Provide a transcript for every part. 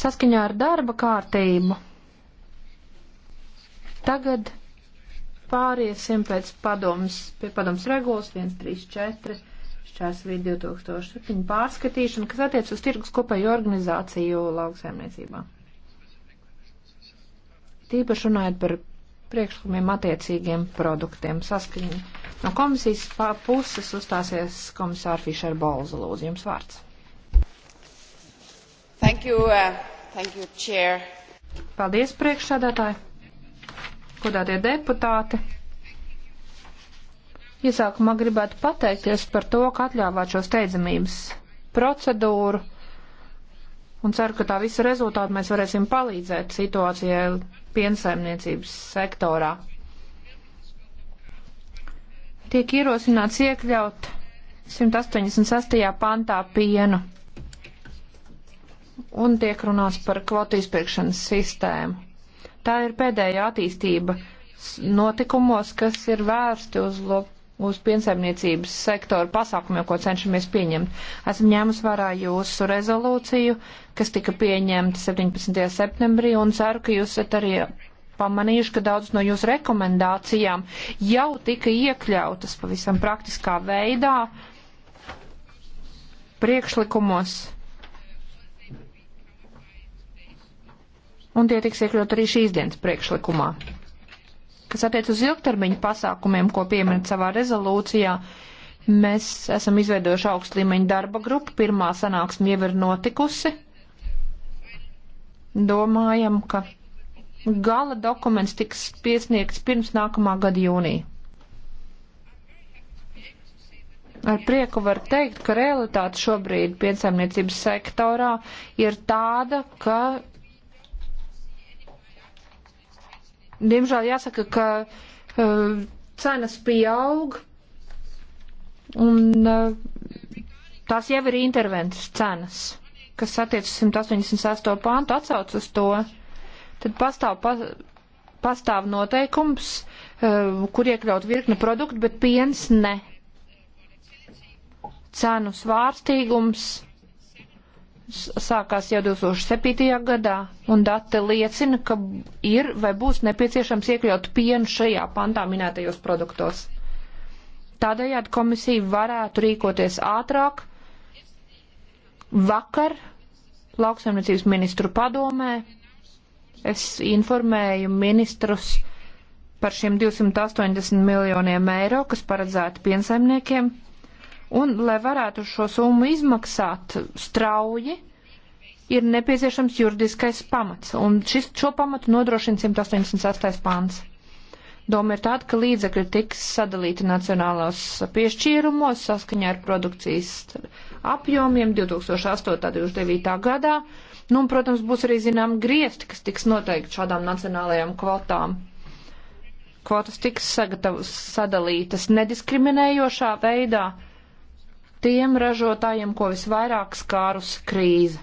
Saskaņā ar darba kārtību tagad pāriesim pēc padomas, pie padomas regulas 134 šķērsvīt 2007 pārskatīšana, kas attiec uz tirgus kopēju organizāciju lauksaimniecībā. Tīpaši runājot par priekšlikumiem attiecīgiem produktiem saskaņā. No komisijas puses uzstāsies komisāra Fišer Bolza lūdzu jums vārds. Thank you, uh, thank you, chair. Paldies, priekšsādātāji. Godātie deputāti. Iesākumā gribētu pateikties par to, ka atļāvāt šo steidzamības procedūru un ceru, ka tā visa rezultāta mēs varēsim palīdzēt situācijai piensaimniecības sektorā. Tiek ierosināts iekļaut 186. pantā pienu un tiek runāts par kvotu izpirkšanas sistēmu. Tā ir pēdējā attīstība notikumos, kas ir vērsti uz, uz piensaimniecības sektoru pasākumiem, ko cenšamies pieņemt. Esam ņēmusi vērā jūsu rezolūciju, kas tika pieņemta 17. septembrī, un ceru, ka jūs esat arī pamanījuši, ka daudz no jūsu rekomendācijām jau tika iekļautas pavisam praktiskā veidā priekšlikumos un tie tiks iekļaut arī šīs dienas priekšlikumā. Kas attiec uz ilgtermiņu pasākumiem, ko pieminat savā rezolūcijā, mēs esam izveidojuši augstu līmeņu darba grupu, pirmā sanāksme jau ir notikusi. Domājam, ka gala dokuments tiks piesniegts pirms nākamā gada jūnija. Ar prieku var teikt, ka realitāte šobrīd piensaimniecības sektorā ir tāda, ka diemžēl jāsaka, ka uh, cenas pieaug un uh, tās jau ir intervences cenas, kas attiec uz 188. pāntu atsauc uz to. Tad pastāv, pa, pastāv noteikums, uh, kur iekļaut virkni produktu, bet piens ne. Cenu svārstīgums sākās jau 2007. gadā, un dati liecina, ka ir vai būs nepieciešams iekļaut pienu šajā pantā minētajos produktos. Tādējādi komisija varētu rīkoties ātrāk. Vakar lauksaimniecības ministru padomē es informēju ministrus par šiem 280 miljoniem eiro, kas paredzēti piensaimniekiem Un, lai varētu šo summu izmaksāt strauji, ir nepieciešams juridiskais pamats, un šis, šo pamatu nodrošina 188. pāns. Doma ir tāda, ka līdzekļi tiks sadalīti nacionālās piešķīrumos saskaņā ar produkcijas apjomiem 2008.-2009. gadā. Nu, un, protams, būs arī zinām griezti, kas tiks noteikti šādām nacionālajām kvotām. Kvotas tiks sagatavas sadalītas nediskriminējošā veidā tiem ražotājiem, ko visvairāk skārus krīze.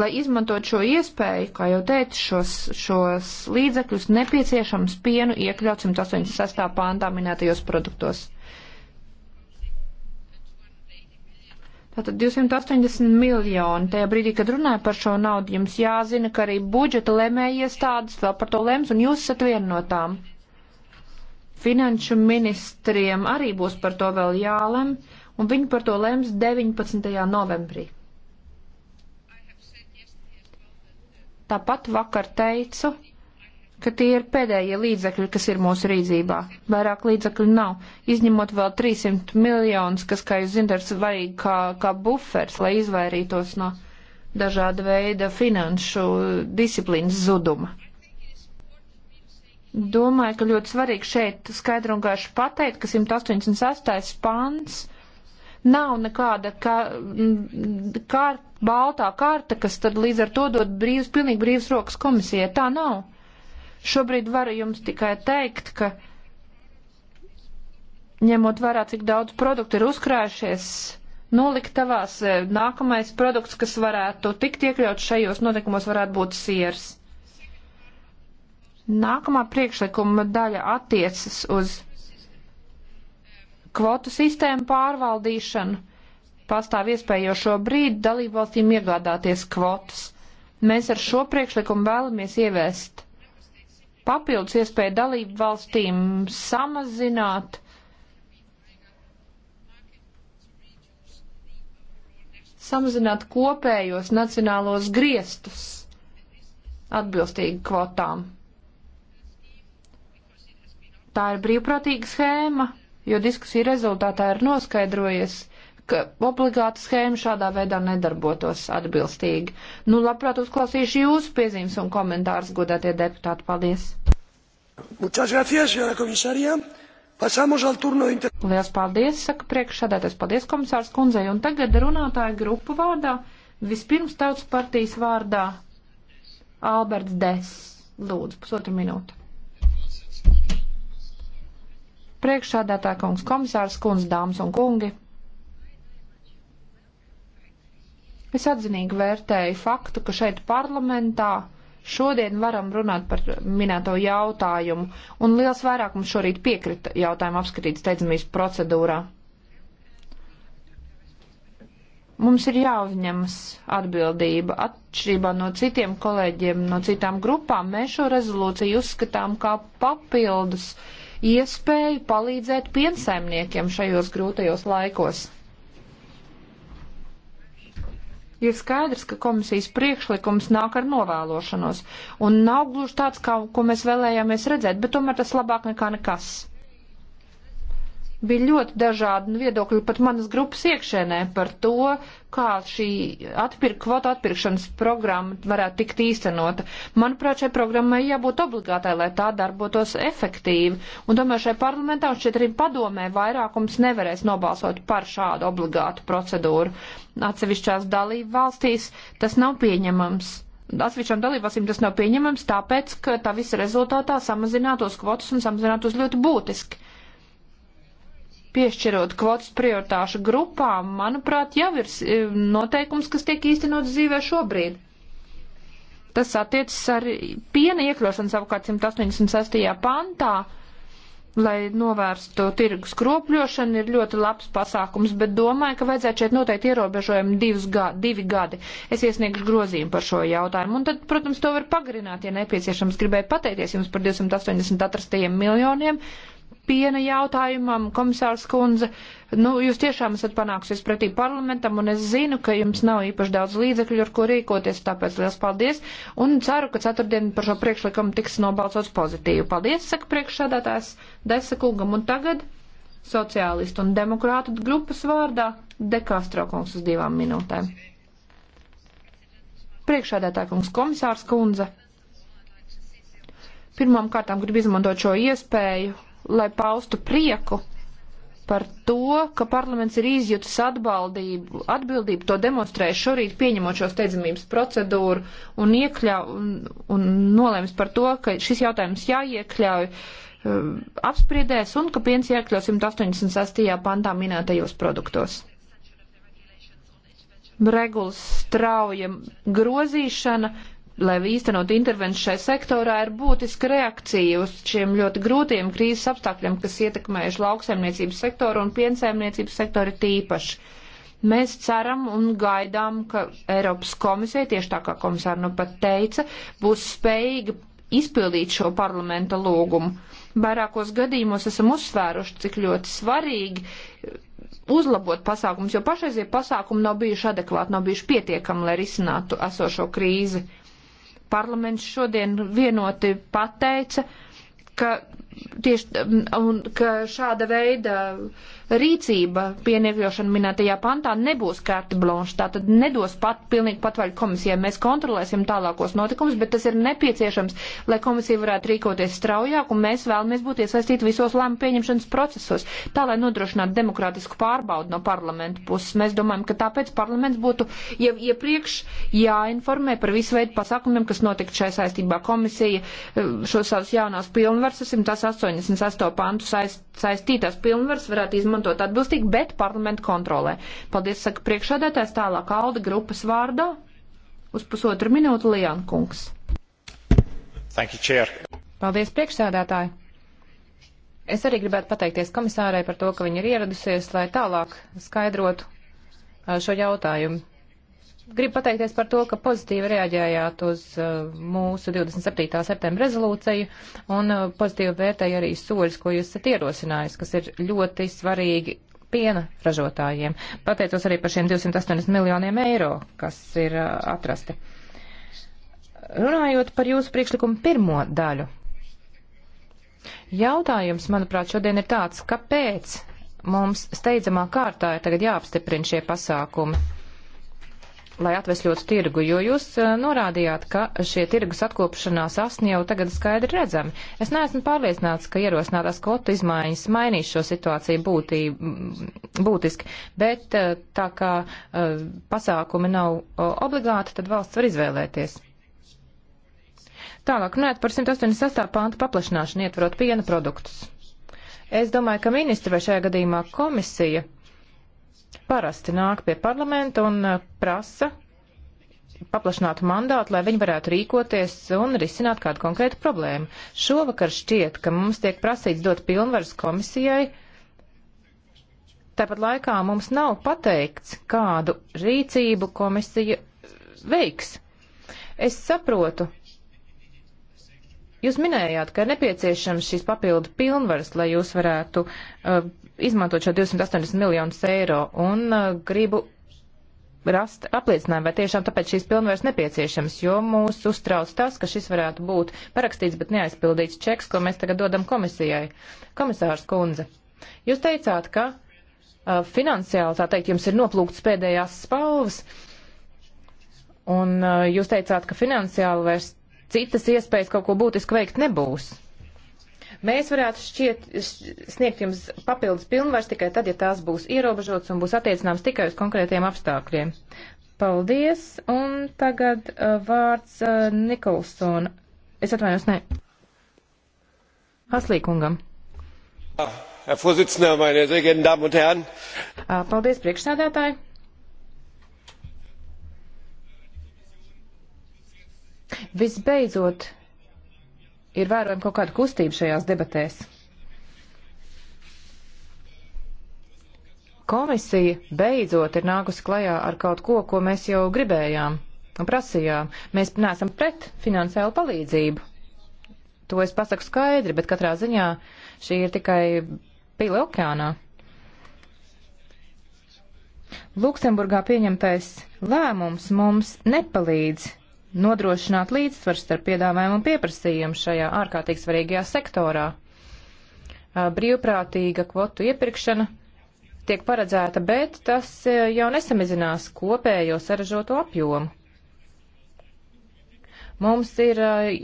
Lai izmantot šo iespēju, kā jau teicu, šos, šos līdzekļus nepieciešams pienu iekļaut 186. pāntā minētajos produktos. Tātad 280 miljoni. Tajā brīdī, kad runāju par šo naudu, jums jāzina, ka arī budžeta lemējiestādes vēl par to lems, un jūs esat viena no tām. Finanšu ministriem arī būs par to vēl jālem, un viņi par to lems 19. novembrī. Tāpat vakar teicu, ka tie ir pēdējie līdzekļi, kas ir mūsu rīzībā. Vairāk līdzekļu nav, izņemot vēl 300 miljonus, kas, kā jūs zināt, ir svarīgi kā, kā bufers, lai izvairītos no dažāda veida finanšu disciplīnas zuduma. Domāju, ka ļoti svarīgi šeit skaidru un gaišu pateikt, ka 188. pāns nav nekāda kā, kā, baltā karta, kas tad līdz ar to dod brīvs, pilnīgi brīvs rokas komisijai. Tā nav. Šobrīd varu jums tikai teikt, ka ņemot vērā, cik daudz produktu ir uzkrājušies, noliktavās e, nākamais produkts, kas varētu tikt iekļauts šajos notikumos, varētu būt siers. Nākamā priekšlikuma daļa attiecas uz kvotu sistēmu pārvaldīšanu. Pastāv iespējo šo brīdi dalībvalstīm iegādāties kvotas. Mēs ar šo priekšlikumu vēlamies ieviest papildus iespēju dalību valstīm samazināt samazināt kopējos nacionālos griestus atbilstīgi kvotām. Tā ir brīvprātīga schēma, jo diskusija rezultātā ir noskaidrojies, ka obligāta schēma šādā veidā nedarbotos atbilstīgi. Nu, labprāt uzklausīšu jūsu piezīmes un komentārus, godātie deputāti. Paldies! Muchas gracias, señora komisārija. Pasamos al turno inter... Lielas paldies, saka priekšsādātais. Paldies, komisārs kundzei. Un tagad runātāja grupu vārdā, vispirms tautas partijas vārdā, Alberts Des. Lūdzu, pusotru minūtu. Priekšsādātā kungs komisārs kundz, dāmas un kungi. Es atzinīgi vērtēju faktu, ka šeit parlamentā šodien varam runāt par minēto jautājumu, un liels vairākums šorīt piekrita jautājumu apskatīt steidzamības procedūrā. Mums ir jāuzņemas atbildība. Atšķirībā no citiem kolēģiem, no citām grupām, mēs šo rezolūciju uzskatām kā papildus uh, iespēju palīdzēt piensaimniekiem šajos grūtajos laikos. Ir skaidrs, ka komisijas priekšlikums nāk ar novēlošanos un nav gluži tāds, kā, ko mēs vēlējāmies redzēt, bet tomēr tas labāk nekā nekas. Bija ļoti dažādi viedokļi pat manas grupas iekšēnē par to, kā šī atpirk, kvota atpirkšanas programma varētu tikt īstenota. Manuprāt, šai programmai jābūt obligātai, lai tā darbotos efektīvi. Un domāju, šai parlamentā un šeit arī padomē vairākums nevarēs nobalsot par šādu obligātu procedūru. Atsevišķās dalību valstīs tas nav pieņemams atsevišķām dalībvalstīm tas nav pieņemams, tāpēc, ka tā visa rezultātā samazinātos kvotas un samazinātos ļoti būtiski piešķirot kvotas prioritāšu grupām, manuprāt, jau ir e, noteikums, kas tiek īstenots dzīvē šobrīd. Tas attiecas arī piena iekļaušanu savukārt 186. pantā, lai novērstu tirgus kropļošanu, ir ļoti labs pasākums, bet domāju, ka vajadzētu šeit noteikti ierobežojumi divus gadi, divi gadi. Es iesniegšu grozījumu par šo jautājumu, un tad, protams, to var pagarināt, ja nepieciešams. Gribēju pateikties jums par 284 miljoniem, piena jautājumam, komisārs Kunze, nu, jūs tiešām esat panāksies pretī parlamentam, un es zinu, ka jums nav īpaši daudz līdzekļu, ar ko rīkoties, tāpēc liels paldies, un ceru, ka ceturtdien par šo priekšlikumu tiks nobalsots pozitīvi. Paldies, saka priekšsādātājs Desa Kungam, un tagad sociālistu un demokrātu grupas vārdā Dekastro kungs uz divām minūtēm. Priekšādātā kungs komisārs Kunze. Pirmām kārtām gribu izmantot šo iespēju lai paustu prieku par to, ka parlaments ir izjutis atbaldību, atbildību to demonstrēja šorīt pieņemot šo steidzamības procedūru un iekļauj un, un nolēms par to, ka šis jautājums jāiekļauj um, apspriedēs un ka piens iekļaus 186. pantā minētajos produktos. Regulas strauja grozīšana lai īstenot intervences šai sektorā, ir būtiska reakcija uz šiem ļoti grūtiem krīzes apstākļiem, kas ietekmējuši lauksaimniecības sektoru un piensaimniecības sektoru tīpaši. Mēs ceram un gaidām, ka Eiropas komisija, tieši tā kā komisāra nu pat teica, būs spējīga izpildīt šo parlamenta lūgumu. Vairākos gadījumos esam uzsvēruši, cik ļoti svarīgi uzlabot pasākumus, jo pašreizie pasākumi nav bijuši adekvāti, nav bijuši pietiekami, lai risinātu esošo krīzi. Parlaments šodien vienoti pateica, ka tieši um, un, ka šāda veida uh, rīcība pieniekļošana minētajā pantā nebūs kārta blonša, tā tad nedos pat pilnīgi patvaļu komisijai. Mēs kontrolēsim tālākos notikumus, bet tas ir nepieciešams, lai komisija varētu rīkoties straujāk, un mēs vēlamies būt iesaistīti visos lēmu pieņemšanas procesos, tā lai nodrošinātu demokrātisku pārbaudu no parlamenta puses. Mēs domājam, ka tāpēc parlaments būtu jau iepriekš jāinformē par visu veidu pasākumiem, kas notikt šai saistībā. Komisija eh, šo savus jaunās pilnvaras, 188 pantu saist, saistītās pilnvaras varētu izmantot izmantot atbilstīgi, bet parlamentu kontrolē. Paldies, saka priekšādētājs tālāk Alda grupas vārdā. Uz pusotru minūtu Lijāna kungs. Thank you, chair. Paldies, priekšsēdētāji. Es arī gribētu pateikties komisārai par to, ka viņa ir ieradusies, lai tālāk skaidrotu uh, šo jautājumu gribu pateikties par to, ka pozitīvi reaģējāt uz uh, mūsu 27. septembra rezolūciju un uh, pozitīvi vērtēja arī soļus, ko jūs esat ierosinājis, kas ir ļoti svarīgi piena ražotājiem. Pateicos arī par šiem 280 miljoniem eiro, kas ir uh, atrasti. Runājot par jūsu priekšlikumu pirmo daļu. Jautājums, manuprāt, šodien ir tāds, kāpēc mums steidzamā kārtā ir tagad jāapstiprina šie pasākumi? lai atvesļotu tirgu, jo jūs eh, norādījāt, ka šie tirgus atkopšanās asni jau tagad skaidri redzami. Es neesmu pārliecināts, ka ierosinātās kvotu izmaiņas mainīs šo situāciju būtī, būtiski, bet eh, tā kā eh, pasākumi nav obligāti, tad valsts var izvēlēties. Tālāk runājot par 186. pānta paplašināšanu, ietverot piena produktus. Es domāju, ka ministri vai šajā gadījumā komisija parasti nāk pie parlamenta un uh, prasa paplašinātu mandātu, lai viņi varētu rīkoties un risināt kādu konkrētu problēmu. Šovakar šķiet, ka mums tiek prasīts dot pilnvaras komisijai. Tāpat laikā mums nav pateikts, kādu rīcību komisija veiks. Es saprotu, Jūs minējāt, ka ir nepieciešams šīs papildu pilnvaras, lai jūs varētu uh, izmantot šo 280 miljonus eiro un uh, gribu rast apliecinājumu, vai tiešām tāpēc šīs pilnvaras nepieciešams, jo mūs uztrauc tas, ka šis varētu būt parakstīts, bet neaizpildīts čeks, ko mēs tagad dodam komisijai. Komisārs Kunze, jūs teicāt, ka uh, finansiāli, tā teikt, jums ir noplūktas pēdējās spalvas, un uh, jūs teicāt, ka finansiāli vairs citas iespējas kaut ko būtisku veikt nebūs. Mēs varētu šķiet, sniegt jums papildus pilnvars tikai tad, ja tās būs ierobežotas un būs attiecināmas tikai uz konkrētiem apstākļiem. Paldies, un tagad uh, vārds uh, Nikolsona. Es atvainojos, nē. Haslīkungam. Herr Vorsitzender, meine sehr geehrten Damen und Herren. Uh, paldies, priekšsēdētāji. Visbeidzot, ir vērojama kaut kāda kustība šajās debatēs. Komisija beidzot ir nākusi klajā ar kaut ko, ko mēs jau gribējām un prasījām. Mēs neesam pret finansiālu palīdzību. To es pasaku skaidri, bet katrā ziņā šī ir tikai pili okeānā. Luksemburgā pieņemtais lēmums mums nepalīdz nodrošināt līdzsvaru starp piedāvājumu un pieprasījumu šajā ārkārtīgi svarīgajā sektorā. Brīvprātīga kvotu iepirkšana tiek paredzēta, bet tas jau nesamazinās kopējo saražoto apjomu. Mums ir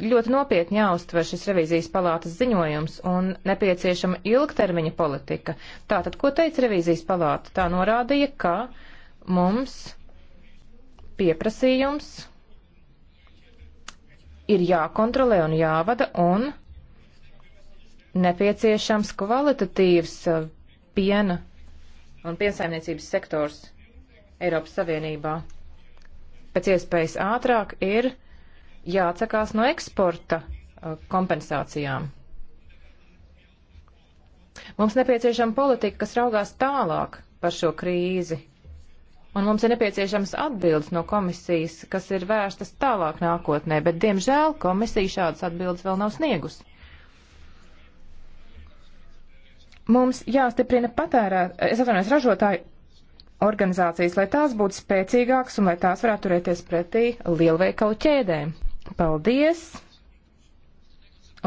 ļoti nopietni jāuztver šis revīzijas palātas ziņojums un nepieciešama ilgtermiņa politika. Tātad, ko teica revīzijas palāta? Tā norādīja, ka mums pieprasījums ir jākontrolē un jāvada un nepieciešams kvalitatīvs uh, piena un piensaimniecības sektors Eiropas Savienībā. Pēc iespējas ātrāk ir jāatsakās no eksporta uh, kompensācijām. Mums nepieciešama politika, kas raugās tālāk par šo krīzi un mums ir nepieciešams atbildes no komisijas, kas ir vērstas tālāk nākotnē, bet, diemžēl, komisija šādas atbildes vēl nav sniegusi. Mums jāstiprina patērēt, es atvainojos, ražotāju organizācijas, lai tās būtu spēcīgākas un lai tās varētu turēties pretī lielveikalu ķēdēm. Paldies!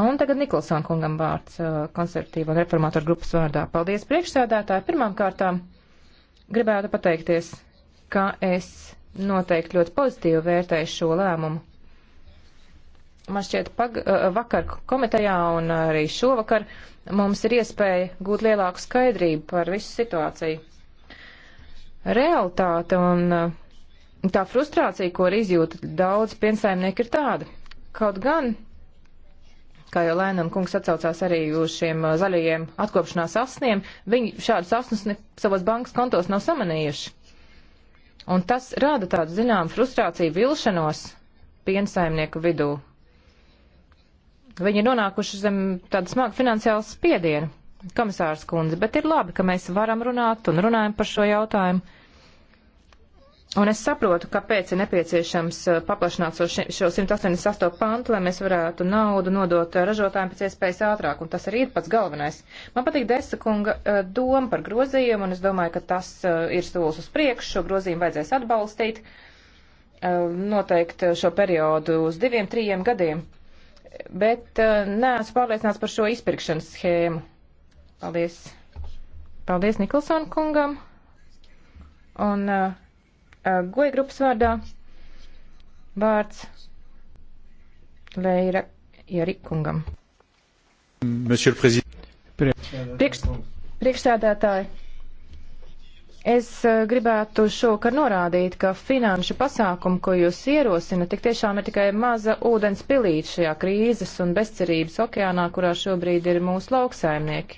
Un tagad Nikolson kungam vārds uh, konservatīva un reformātoru grupas vārdā. Paldies priekšsēdētāji. Pirmām kārtām gribētu pateikties ka es noteikti ļoti pozitīvi vērtēju šo lēmumu. Man šķiet, pag, eh, vakar komitejā un arī šovakar mums ir iespēja gūt lielāku skaidrību par visu situāciju. Realtāte un eh, tā frustrācija, ko ir izjūta daudz piensaimnieki, ir tāda. Kaut gan, kā jau Lēnam kungs atcaucās arī uz šiem eh, zaļajiem atkopšanās asniem, viņi šādus asnus ne, savos bankas kontos nav samanījuši. Un tas rada tādu zinām frustrāciju vilšanos piensaimnieku vidū. Viņi ir nonākuši zem tāda smaga finansiāla spiediena, komisārs kundze, bet ir labi, ka mēs varam runāt un runājam par šo jautājumu. Un es saprotu, kāpēc ir nepieciešams eh, paplašināt šo, šo 188. pantu, lai mēs varētu naudu nodot eh, ražotājiem pēc iespējas ātrāk, un tas arī ir pats galvenais. Man patīk Desa kunga eh, doma par grozījumu, un es domāju, ka tas ir solis uz priekšu, šo grozījumu vajadzēs atbalstīt, noteikt šo periodu uz diviem, trījiem gadiem, bet neesmu pārliecināts par šo izpirkšanas schēmu. Paldies. Paldies Nikolson kungam. Un uh, Eh, goja grupas vārdā vārds Leira Jarikungam. Priekš, priekšsēdētāji, es eh, gribētu šokar norādīt, ka finanšu pasākumu, ko jūs ierosina, tik tiešām ir tikai maza ūdens pilīte šajā krīzes un bezcerības okeānā, kurā šobrīd ir mūsu lauksaimnieki.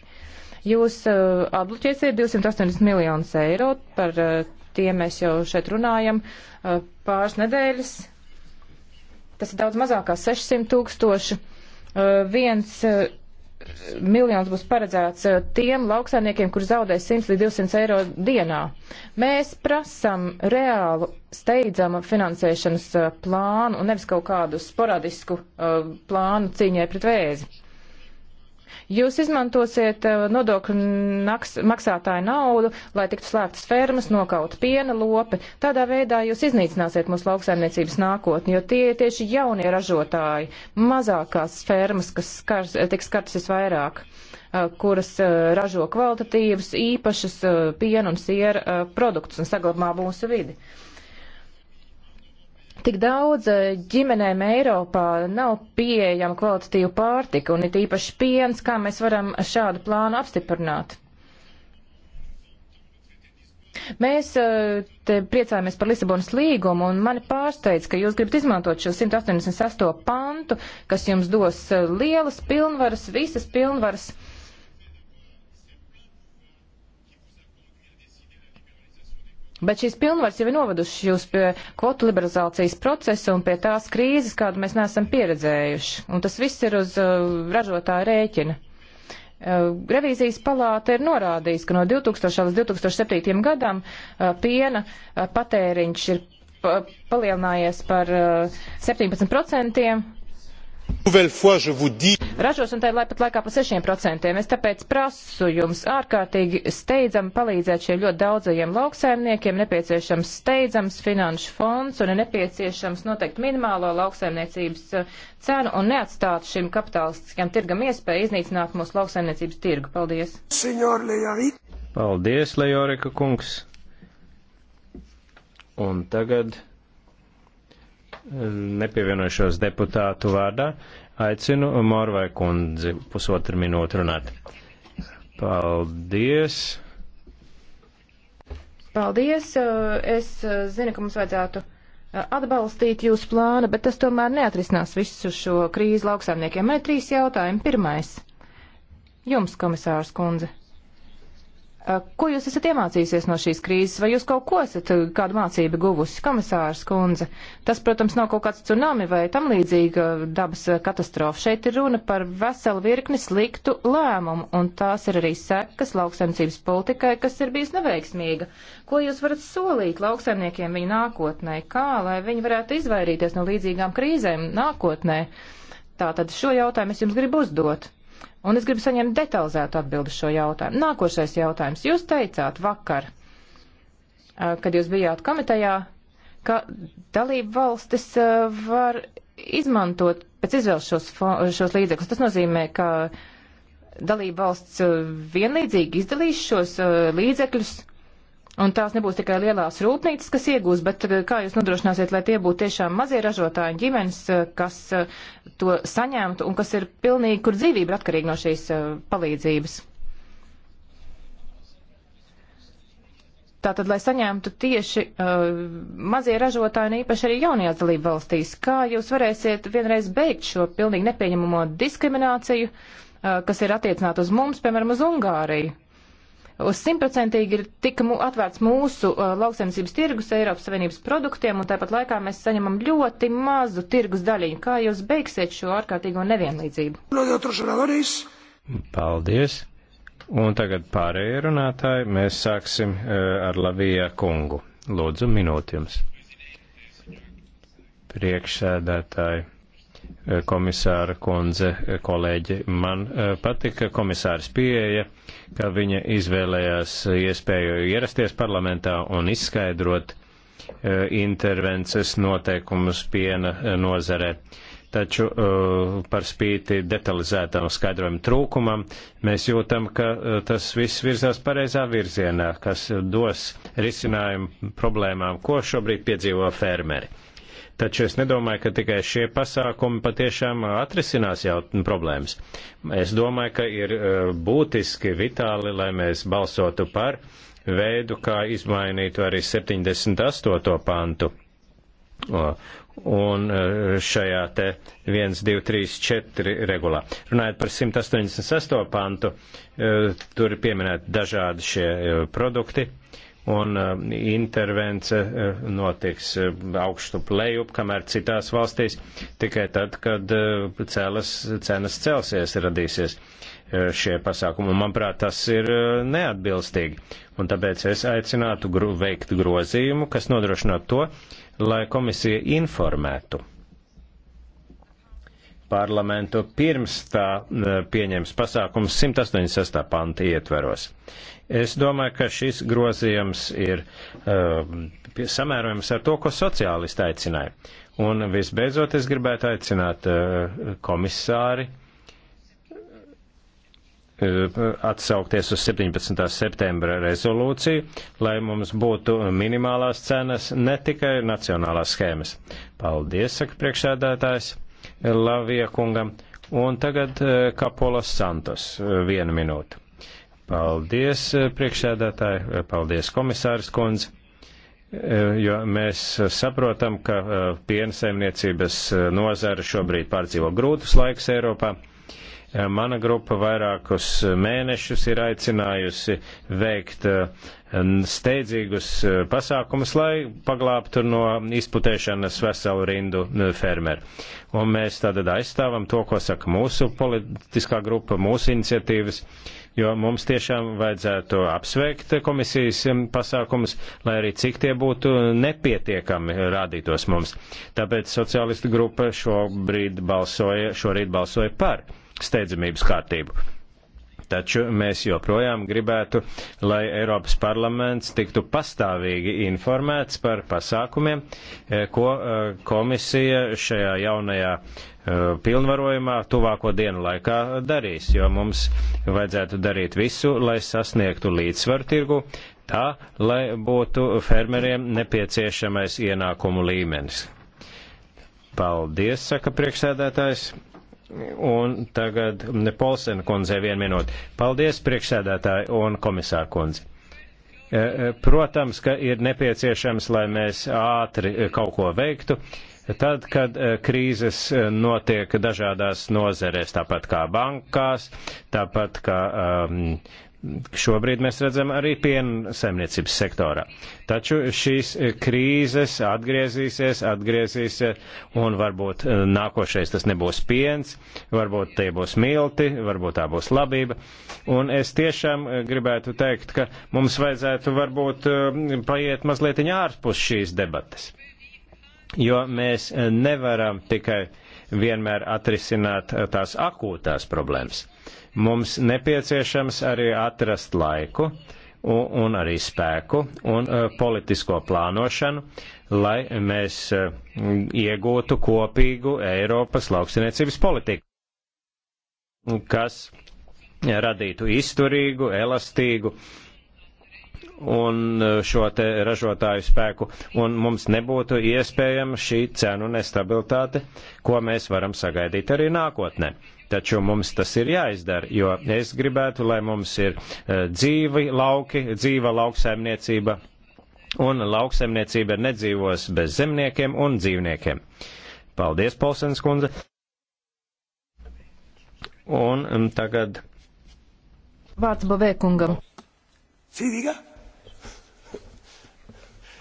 Jūs uh, atbloķēsiet 280 miljonus eiro par uh, tiem mēs jau šeit runājam pāris nedēļas. Tas ir daudz mazākā 600 tūkstoši. Viens miljons būs paredzēts tiem lauksainiekiem, kur zaudē 100 līdz 200 eiro dienā. Mēs prasam reālu steidzama finansēšanas plānu un nevis kaut kādu sporadisku plānu cīņai pret vēzi. Jūs izmantosiet eh, nodokļu maksātāju naudu, lai tiktu slēgtas fermas, nokaut piena lopi. Tādā veidā jūs iznīcināsiet mūsu lauksaimniecības nākotni, jo tie ir tieši jaunie ražotāji, mazākās fermas, kas skars, eh, tiks skartas visvairāk eh, kuras ražo kvalitatīvus, īpašus piena un siera produktus un saglabā mūsu vidi. Tik daudz eh, ģimenēm Eiropā nav pieejama kvalitatīva pārtika un ir īpaši piens, kā mēs varam šādu plānu apstiprināt. Mēs eh, te priecājamies par Lisabonas līgumu un mani pārsteidz, ka jūs gribat izmantot šo 188. pantu, kas jums dos eh, lielas pilnvaras, visas pilnvaras. Uh, Bet šīs pilnvaras jau ir novadušas jūs pie kvotu liberalizācijas procesa un pie tās krīzes, kādu mēs neesam pieredzējuši. Un tas viss ir uz uh, ražotāja rēķina. Uh, revīzijas palāta ir norādījusi, ka no 2000 līdz 2007 gadam uh, piena uh, patēriņš ir palielinājies par 17%, Ražošana ir pat laikā pa 6%. Es tāpēc prasu jums ārkārtīgi steidzami palīdzēt šiem ļoti daudzajiem lauksaimniekiem. Nepieciešams steidzams finanšu fonds un ir nepieciešams noteikti minimālo lauksaimniecības uh, cenu un neatstāt šim kapitalistiskam tirgam iespēju iznīcināt mūsu lauksaimniecības tirgu. Paldies! Paldies, Lejorika kungs! Un tagad nepievienojušos deputātu vārdā. Aicinu Morvai kundzi pusotru minūtu runāt. Paldies! Paldies! Es zinu, ka mums vajadzētu atbalstīt jūsu plānu, bet tas tomēr neatrisinās visu šo krīzi lauksaimniekiem. Man ir trīs jautājumi. Pirmais. Jums, komisārs kundze. Eh, ko jūs esat iemācījusies no šīs krīzes? Vai jūs kaut ko esat, eh, kādu mācību guvusi, komisārs kundze? Tas, protams, nav kaut kāds tsunami vai tam līdzīga dabas eh, katastrofa. Šeit ir runa par veselu virkni sliktu lēmumu, un tās ir arī sekas lauksaimniecības politikai, kas ir bijis neveiksmīga. Ko jūs varat solīt lauksaimniekiem viņu nākotnē? Kā, lai viņi varētu izvairīties no līdzīgām krīzēm nākotnē? Tātad šo jautājumu es jums gribu uzdot. Un es gribu saņemt detalizētu atbildi šo jautājumu. Nākošais jautājums. Jūs teicāt vakar, kad jūs bijāt komitejā, ka dalību valstis var izmantot pēc izvēles šos, šos līdzekļus. Tas nozīmē, ka dalību valsts vienlīdzīgi izdalīs šos līdzekļus Un tās nebūs tikai lielās rūpnīcas, kas iegūs, bet eh, kā jūs nodrošināsiet, lai tie būtu tiešām mazie ražotāji ģimenes, eh, kas eh, to saņemtu un kas ir pilnīgi, kur dzīvība ir atkarīga no šīs palīdzības? Tātad, lai saņemtu tieši uh, mazie ražotāji, un īpaši arī jaunajās dalību valstīs, kā jūs varēsiet vienreiz beigt šo pilnīgi nepieņemamo diskrimināciju, uh, kas ir attiecināta uz mums, piemēram, uz Ungāriju? uz simtprocentīgi ir tika mū, atvērts mūsu uh, lauksaimniecības tirgus Eiropas Savienības produktiem, un tāpat laikā mēs saņemam ļoti mazu tirgus daļiņu. Kā jūs beigsiet šo ārkārtīgo nevienlīdzību? Paldies! Un tagad pārējie runātāji, mēs sāksim uh, ar Lavija kungu. Lūdzu, minūti jums. Priekšsēdētāji komisāra kundze, kolēģi. Man eh, patika komisāras pieeja, ka viņa izvēlējās iespēju ierasties parlamentā un izskaidrot eh, intervences noteikumus piena eh, nozarē. Taču par spīti detalizētam skaidrojumu trūkumam mēs jūtam, ka tas viss virzās pareizā virzienā, kas dos risinājumu problēmām, ko šobrīd piedzīvo fermeri Taču es nedomāju, ka tikai šie pasākumi patiešām uh, atrisinās jau problēmas. Es domāju, ka ir uh, būtiski vitāli, lai mēs balsotu par veidu, kā izmainītu arī 78. pantu. Un uh, šajā te 1, 2, 3, 4 regulā. Runājot par 186. pantu, tur ir pieminēti dažādi šie produkti, un um, intervence uh, notiks uh, augstu lejup, kamēr citās valstīs tikai tad, kad uh, celas, cenas celsies, radīsies šie pasākumi. Un, manuprāt, tas ir neatbilstīgi. Un tāpēc es aicinātu gru, veikt grozījumu, kas nodrošinātu to, lai komisija informētu parlamentu pirms tā e, pieņems pasākums 186. panta ietveros. Es domāju, ka šis grozījums ir uh, samērojams ar to, ko sociālisti aicināja. Un visbeidzot, es gribētu aicināt uh, komisāri atsaukties uz 17. septembra rezolūciju, lai mums būtu minimālās cenas, ne tikai nacionālās schēmas. Paldies, saka priekšsēdētājs. Lavija kungam. Un tagad eh, Kapolas Santos, eh, viena minūte. Paldies, eh, priekšsēdētāji, paldies, komisāris kundze, jo mēs saprotam, ka piensaimniecības nozara šobrīd pārdzīvo grūtus laikus Eiropā Eh, mana grupa vairākus mēnešus ir aicinājusi veikt eh, steidzīgus eh, pasākumus, lai paglābtu no izputēšanas veselu rindu fermeru. Un mēs tātad aizstāvam to, ko saka mūsu politiskā grupa, mūsu iniciatīvas, jo mums tiešām vajadzētu apsveikt komisijas pasākumus, lai arī cik tie būtu nepietiekami rādītos mums. Tāpēc socialistu grupa šobrīd balsoja, šorīt balsoja par steidzamības kārtību. Taču mēs joprojām gribētu, lai Eiropas parlaments tiktu pastāvīgi informēts par pasākumiem, eh, ko eh, komisija šajā jaunajā eh, pilnvarojumā tuvāko dienu laikā darīs, jo mums vajadzētu darīt visu, lai sasniegtu līdzsvaru tirgu, tā, lai būtu fermeriem nepieciešamais ienākumu līmenis. Paldies, saka priekšsēdētājs. Un tagad Polsena kundzei vienu minūti. Paldies, priekšsēdētāji un komisāra kundze. E, e, protams, ka ir nepieciešams, lai mēs ātri kaut ko veiktu. Tad, kad e, krīzes notiek dažādās nozerēs, tāpat kā bankās, tāpat kā um, Šobrīd mēs redzam arī piensaimniecības sektorā. Taču šīs krīzes atgriezīsies, atgriezīsies, un varbūt eh, nākošais tas nebūs piens, varbūt tie būs milti, varbūt tā būs labība. Un es tiešām eh, gribētu teikt, ka mums vajadzētu varbūt eh, paiet mazliet ārpus šīs debates. Jo mēs nevaram tikai uh, vienmēr atrisināt eh, tās akūtās problēmas. Mums nepieciešams arī atrast laiku un, un arī spēku un uh, politisko plānošanu, lai mēs uh, iegūtu kopīgu Eiropas lauksiniecības politiku, kas radītu izturīgu, elastīgu uh, un e, šo te ražotāju spēku, un mums nebūtu iespējama šī cenu nestabilitāte, ko mēs varam sagaidīt arī nākotnē. Taču mums tas ir jāizdara, jo es gribētu, lai mums ir e, dzīvi lauki, dzīva lauksaimniecība, un lauksaimniecība nedzīvos bez zemniekiem un dzīvniekiem. Paldies, Polsens kundze! Un tagad. Vārds Bavēkungam. Sīdīgā?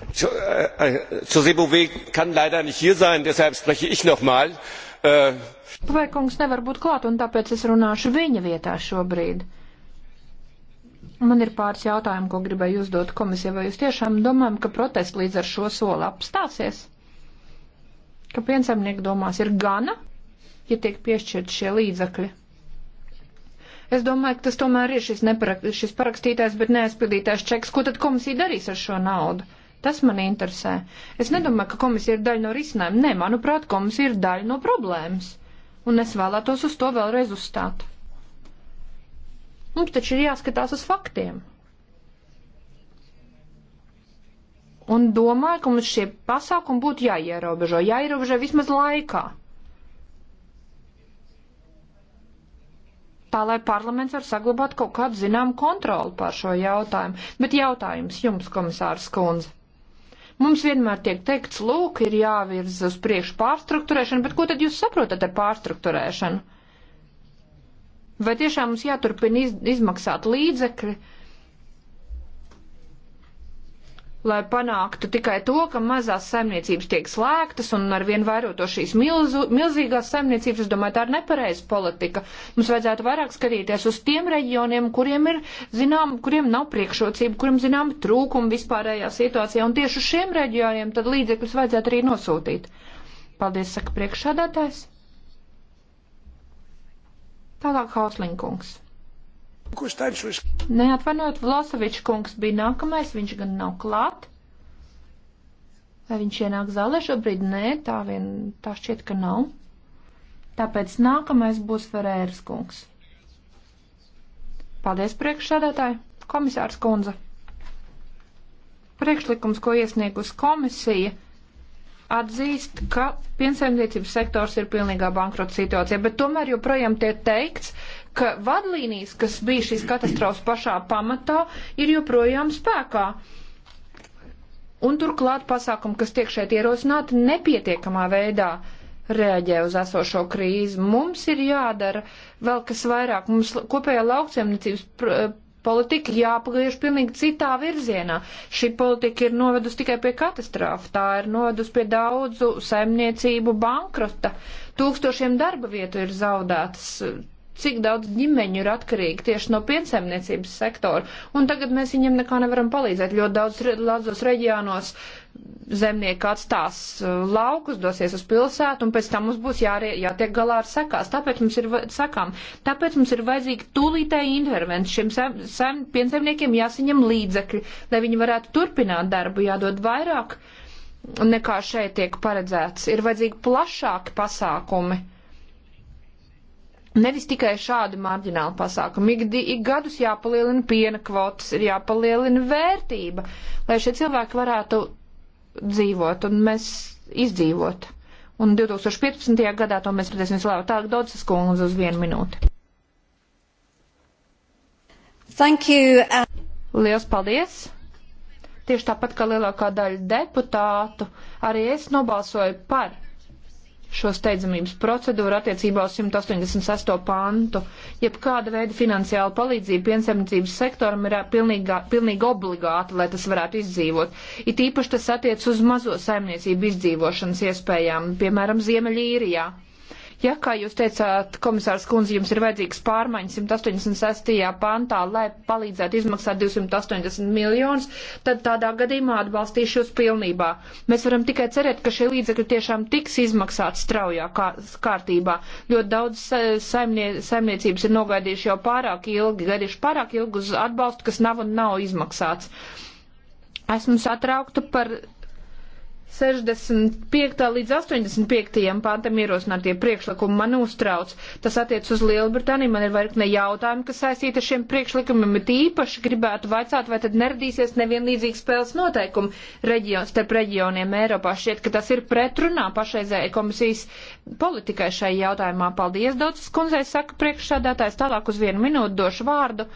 José äh, äh, Bové kann leider nicht hier sein, deshalb spreche ich nochmal. Uh... Äh, Pavēkungs nevar būt klāt, un tāpēc es runāšu viņa vietā šobrīd. Man ir pāris jautājumu, ko gribēju uzdot komisijai. Vai jūs tiešām domājam, ka protests līdz ar šo soli apstāsies? Ka piensaimnieku domās ir gana, ja tiek piešķirt šie līdzakļi? Es domāju, ka tas tomēr ir šis, neparak, šis parakstītais, bet neaizpildītais čeks. Ko tad komisija darīs ar šo naudu? Tas man interesē. Es nedomāju, ka komisija ir daļa no risinājuma. Nē, manuprāt, komisija ir daļa no problēmas. Un es vēlētos uz to vēlreiz uzstāt. Mums taču ir jāskatās uz faktiem. Un domāju, ka mums šie pasākumi būtu jāierobežo, jāierobežo vismaz laikā. tā lai parlaments var saglabāt kaut kādu zināmu kontroli pār šo jautājumu. Bet jautājums jums, komisārs Kunze. Mums vienmēr tiek teikts, lūk, ir jāvirza uz priekšu pārstruktūrēšana, bet ko tad jūs saprotat ar pārstruktūrēšanu? Vai tiešām mums jāturpina iz, izmaksāt līdzekļi? Uh, lai panāktu tikai to, ka mazās saimniecības tiek slēgtas un ar vien vairoto šīs milzu, milzīgās saimniecības, es domāju, tā ir nepareiza politika. Mums vajadzētu vairāk skatīties uz tiem reģioniem, kuriem ir, zinām, kuriem nav priekšrocība, kuriem, zinām, trūkumi vispārējā situācijā, un tieši uz šiem reģioniem tad līdzekļus vajadzētu arī nosūtīt. Paldies, saka priekšsādātājs. Tālāk Hauslinkungs. Neatvainojiet, Vlasovičs kungs bija nākamais, viņš gan nav klāt. Vai viņš ienāk zālē šobrīd? Nē, tā vien tā šķiet, ka nav. Tāpēc nākamais būs Ferēras kungs. Paldies, priekšsēdētāji, komisārs kundze. Priekšlikums, ko iesniegus komisija, atzīst, ka piensaimniecības sektors ir pilnīgā bankrota situācija, bet tomēr joprojām tiek teikts, ka vadlīnijas, kas bija šīs katastrofas pašā pamatā, ir joprojām spēkā. Un turklāt pasākumi, kas tiek šeit ierosināti, nepietīkamā veidā reaģē uz esošo krīzi. Mums ir jādara vēl kas vairāk. Mums kopējā lauksaimniecības eh, politika jāpagriež pilnīgi citā virzienā. Šī politika ir novedusi tikai pie katastrofa, tā ir novedusi pie daudzu saimniecību bankrota. Tūkstošiem darba vietu ir zaudētas cik daudz ģimeņu ir atkarīgi tieši no piensaimniecības sektora, un tagad mēs viņiem nekā nevaram palīdzēt. Ļoti daudz lādzos reģionos zemnieki atstās uh, laukus, dosies uz pilsētu, un pēc tam mums būs jārie, jātiek galā ar sekās. Tāpēc mums ir, sakām, tāpēc mums ir vajadzīga tūlītēja intervence. Šiem sem, sem, piensaimniekiem jāsaņem līdzekļi, lai viņi varētu turpināt darbu, jādod vairāk nekā šeit tiek paredzēts. Ir vajadzīgi plašāki pasākumi Nevis tikai šādi marģināli pasākumi. Ik, ik gadus jāpalielina piena kvotas, ir jāpalielina vērtība, lai šie cilvēki varētu dzīvot un mēs izdzīvot. Un 2015. gadā to mēs redzēsim vislabāk. Tālāk Dodsas kundze uz vienu minūti. Thank you. Uh, Liels paldies! Tieši tāpat kā lielākā daļa deputātu, arī es nobalsoju par šo steidzamības procedūru attiecībā uz 186. pantu. Jebkāda veida finansiāla palīdzība piensaimniecības sektoram ir pilnīga, pilnīgi obligāta, lai tas varētu izdzīvot. It īpaši tas attiec uz mazo saimniecību izdzīvošanas iespējām, piemēram, Ziemeļīrijā. Ja Ja, kā jūs teicāt, komisārs kundze, jums ir vajadzīgs pārmaiņas 186. pantā, lai palīdzētu izmaksāt 280 miljonus, tad tādā gadījumā atbalstīšu jūs pilnībā. Mēs varam tikai cerēt, ka šie līdzekļi tiešām tiks izmaksāti straujā kā, kārtībā. Ļoti daudz saimnie, saimniecības ir nogaidījuši jau pārāk ilgi, gaidījuši pārāk ilgi uz atbalstu, kas nav un nav izmaksāts. Esmu satraukta par 65. līdz 85. pantam ierosinātie priekšlikumi man uztrauc. Tas attiec uz Lielbritāniju, man ir virkne jautājumi, kas saistīti ar šiem priekšlikumiem, bet īpaši gribētu vaicāt, vai tad neradīsies nevienlīdzīgi spēles noteikumi reģion, starp reģioniem Eiropā. Šķiet, ka tas ir pretrunā pašreizējai komisijas politikai šai jautājumā. Paldies, Daucis kundzei, saka priekšsādātājs. Tālāk uz vienu minūtu došu vārdu.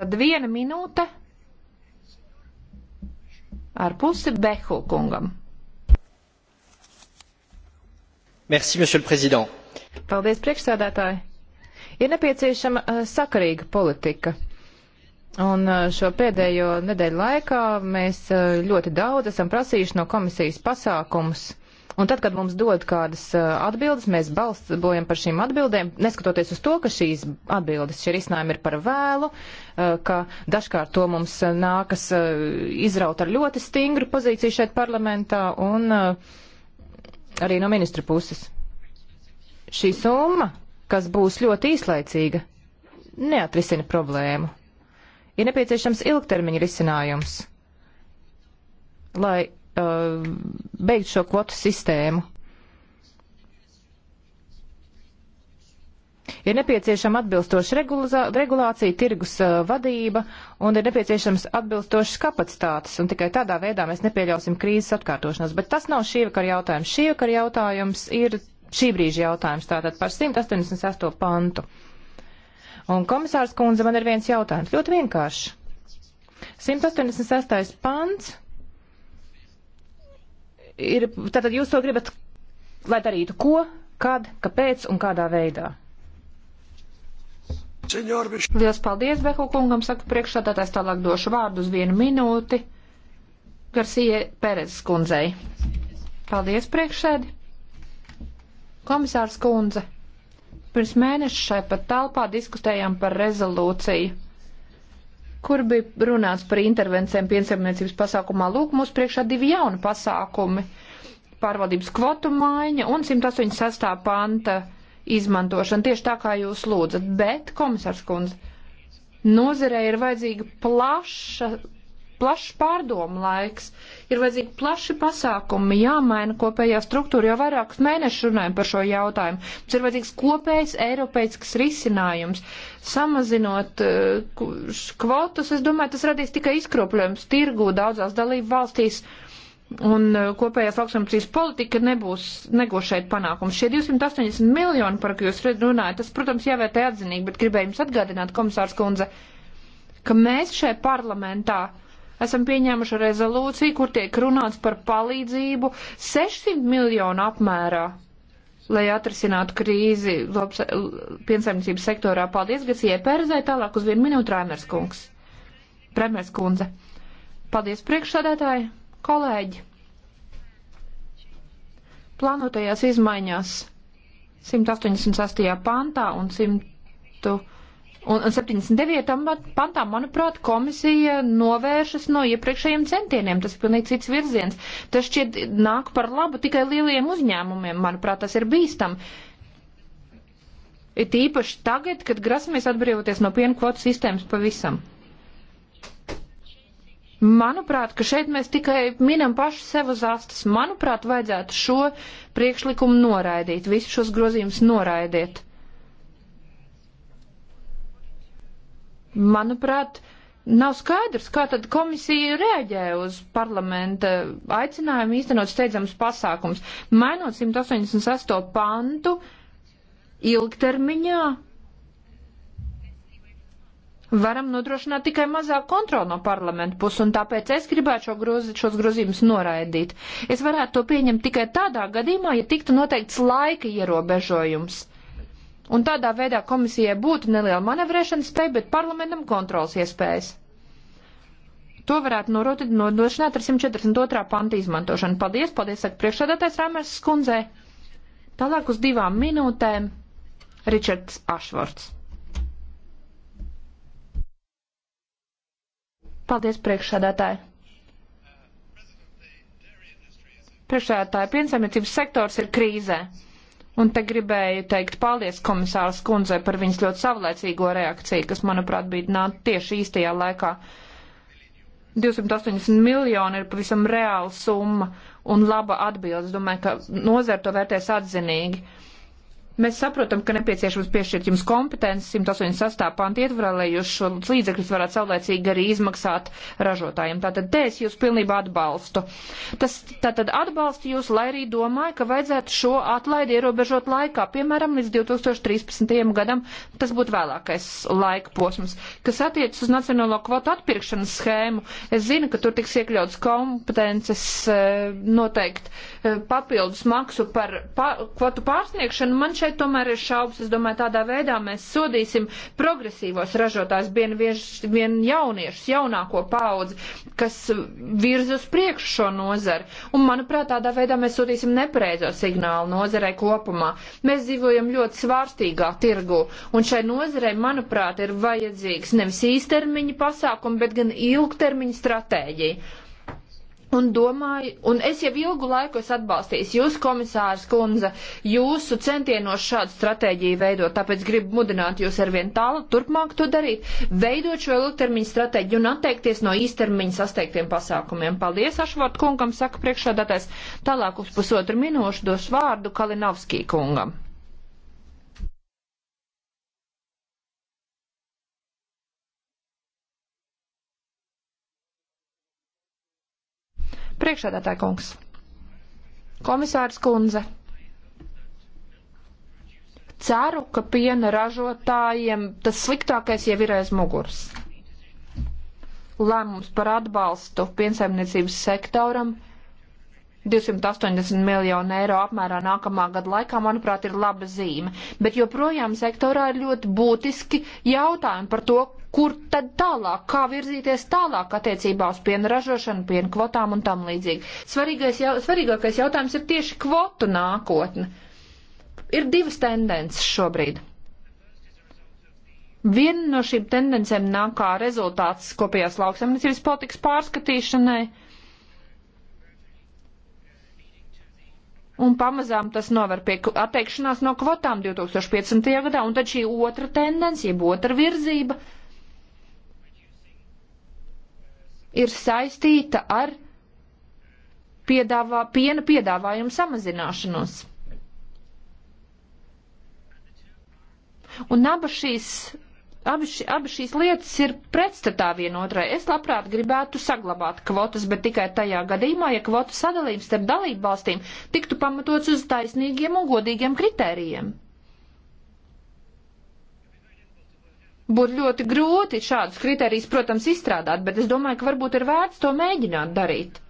Tad viena minūte ar pusi Behu kungam. Merci, monsieur le président. Paldies, priekšsēdētāji. Ir nepieciešama uh, sakarīga politika. Un eh, šo pēdējo nedēļu laikā mēs eh, ļoti daudz esam prasījuši no komisijas pasākumus Un tad, kad mums dod kādas atbildes, mēs balsojam par šīm atbildēm, neskatoties uz to, ka šīs atbildes, šie risinājumi ir par vēlu, ka dažkārt to mums nākas izraut ar ļoti stingru pozīciju šeit parlamentā un arī no ministra puses. Šī summa, kas būs ļoti īslaicīga, neatrisina problēmu. Ir nepieciešams ilgtermiņa risinājums, lai Uh, beigt šo kvotu sistēmu. Ir nepieciešama atbilstoša regulācija, tirgus uh, vadība un ir nepieciešams atbilstošas kapacitātes. Un tikai tādā veidā mēs nepieļausim krīzes atkārtošanos. Bet tas nav šī vakara jautājums. Šī vakara jautājums ir šī brīža jautājums, tātad par 188. pantu. Un komisārs kundze, man ir viens jautājums. Ļoti vienkārši. 186. pants ir, tātad jūs to gribat, lai darītu ko, kad, kāpēc un kādā veidā? Lielas paldies, Behu kungam, saka priekšstādātājs, tālāk došu vārdu uz vienu minūti. Garsie Perez skundzei. Paldies, priekšsēdi. Komisārs kundze. Pirms mēneša šai pat telpā diskutējām par rezolūciju kur bija runāts par intervencēm piensaimniecības pasākumā. Lūk, mūs priekšā divi jauni pasākumi - pārvaldības kvotu maiņa un 186. panta izmantošana, tieši tā kā jūs lūdzat. Bet, komisārs kundze, nozirē ir vajadzīga plaša plašs pārdomu laiks, ir vajadzīgi plaši pasākumi, jāmaina kopējā struktūra, jau vairākus mēnešus runājam par šo jautājumu. Mums ir vajadzīgs kopējs eiropeisks risinājums. Samazinot eh, kvotas, es domāju, tas radīs tikai izkropļojums tirgu daudzās dalību valstīs. Un eh, kopējās lauksaimniecības politika nebūs, negūs šeit panākums. Šie 280 miljoni, par ko jūs runājat, tas, protams, jāvērtē atzinīgi, bet gribēju jums atgādināt, komisārs Kunze, ka mēs šai parlamentā uh, esam pieņēmuši rezolūciju, kur tiek runāts par palīdzību 600 miljonu apmērā, lai atrisinātu krīzi piensaimniecības sektorā. Paldies, Gacija Pērzē, tālāk uz vienu minūtu Rēmers kungs. Premjers kundze. Paldies priekšsādētāji, kolēģi. Plānotajās izmaiņās 188. pantā un 100. Un 79. pantā, manuprāt, komisija novēršas no iepriekšējiem centieniem. Tas ir pilnīgi cits virziens. Tas šķiet nāk par labu tikai lieliem uzņēmumiem. Manuprāt, tas ir bīstam. Ir tīpaši tagad, kad grasamies atbrīvoties no piena kvotu sistēmas pavisam. Manuprāt, ka šeit mēs tikai minam pašu sev uz astes. Manuprāt, vajadzētu šo priekšlikumu noraidīt, visus šos grozījumus noraidiet. manuprāt, nav skaidrs, kā tad komisija reaģē uz parlamenta aicinājumu īstenot steidzams pasākums. Mainot 188. pantu ilgtermiņā varam nodrošināt tikai mazāku kontroli no parlamenta puses, un tāpēc es gribētu šo grozi, šos grozījumus noraidīt. Es varētu to pieņemt tikai tādā gadījumā, ja tiktu noteikts laika ierobežojums. Un tādā veidā komisijai būtu neliela manevrēšanas spēja, bet parlamentam kontrols iespējas. To varētu norotīt nodrošināt ar 142. panta izmantošanu. Paldies, paldies, saka priekšsēdētājs Rāmers Skundzē. Tālāk uz divām minūtēm Ričards Ašvorts. Paldies, priekšsēdētāji. Priekšsēdētāji, piensaimniecības sektors ir krīzē. Un te gribēju teikt paldies komisārs kundze par viņas ļoti savlaicīgo reakciju, kas, manuprāt, bija nāk tieši īstajā laikā. 280 miljoni ir pavisam reāla summa un laba atbildes. Domāju, ka nozēr to vērtēs atzinīgi. Mēs saprotam, ka nepieciešams piešķirt jums kompetences 186. pantu ietvarā, lai jūs šo līdzekļus varētu saulēcīgi arī izmaksāt ražotājiem. Tātad te es jūs pilnībā atbalstu. Tas, tātad atbalstu jūs, lai arī domāju, ka vajadzētu šo atlaidi ierobežot laikā, piemēram, līdz 2013. gadam. Tas būtu vēlākais laika posms. Kas attiecas uz nacionālo kvotu atpirkšanas schēmu, es zinu, ka tur tiks iekļauts kompetences eh, noteikti eh, papildus maksu par pa, kvotu pārsniegšanu. Man šeit šeit tomēr ir šaubas. Es domāju, tādā veidā mēs sodīsim progresīvos ražotājs, vien, vien jauniešus, jaunāko paudzi, kas virz uz priekšu šo nozari. Un, manuprāt, tādā veidā mēs sodīsim nepareizo signālu nozarei kopumā. Mēs dzīvojam ļoti svārstīgā tirgu, un šai nozarei, manuprāt, ir vajadzīgs nevis īstermiņa pasākumi, bet gan ilgtermiņa stratēģija. Un domāju, un es jau ilgu laiku esmu atbalstījis jūs, komisārs Kunze, jūsu centienos šādu stratēģiju veidot, tāpēc gribu mudināt jūs arvien tālāk, turpmāk to darīt, veidot šo ilgtermiņu stratēģiju un atteikties no īstermiņa sasteigtiem pasākumiem. Paldies, Ašvart kungam, saka priekšādātais. Tālāk uz pusotru minūšu dos vārdu Kalinovskī kungam. Priekšādātāja kungs. Komisārs kundze ceru, ka piena ražotājiem tas sliktākais jau ir aiz muguras. Lēmums par atbalstu piensaimniecības sektoram 280 miljonu eiro apmērā nākamā gada laikā, manuprāt, ir laba zīme. Bet joprojām sektorā ir ļoti būtiski jautājumi par to, kur tad tālāk, kā virzīties tālāk attiecībā uz piena ražošanu, piena kvotām un tam līdzīgi. Svarīgais, jau, svarīgākais jautājums ir tieši kvotu nākotne. Ir divas tendences šobrīd. Viena no šīm tendencēm nāk kā rezultāts kopējās lauksaimniecības politikas pārskatīšanai un pamazām tas nover pie atteikšanās no kvotām 2015. gadā, un tad šī otra tendencija, otra virzība ir saistīta ar piedāvā, piena piedāvājumu samazināšanos. Un abas šīs Abi, ši, abi šīs lietas ir pretstatā vienotrai. Es labprāt gribētu saglabāt kvotas, bet tikai tajā gadījumā, ja kvotu sadalījums starp dalību valstīm tiktu pamatots uz taisnīgiem un godīgiem kritērijiem. Būtu ļoti grūti šādus kriterijus, protams, izstrādāt, bet es domāju, ka varbūt ir vērts to mēģināt darīt,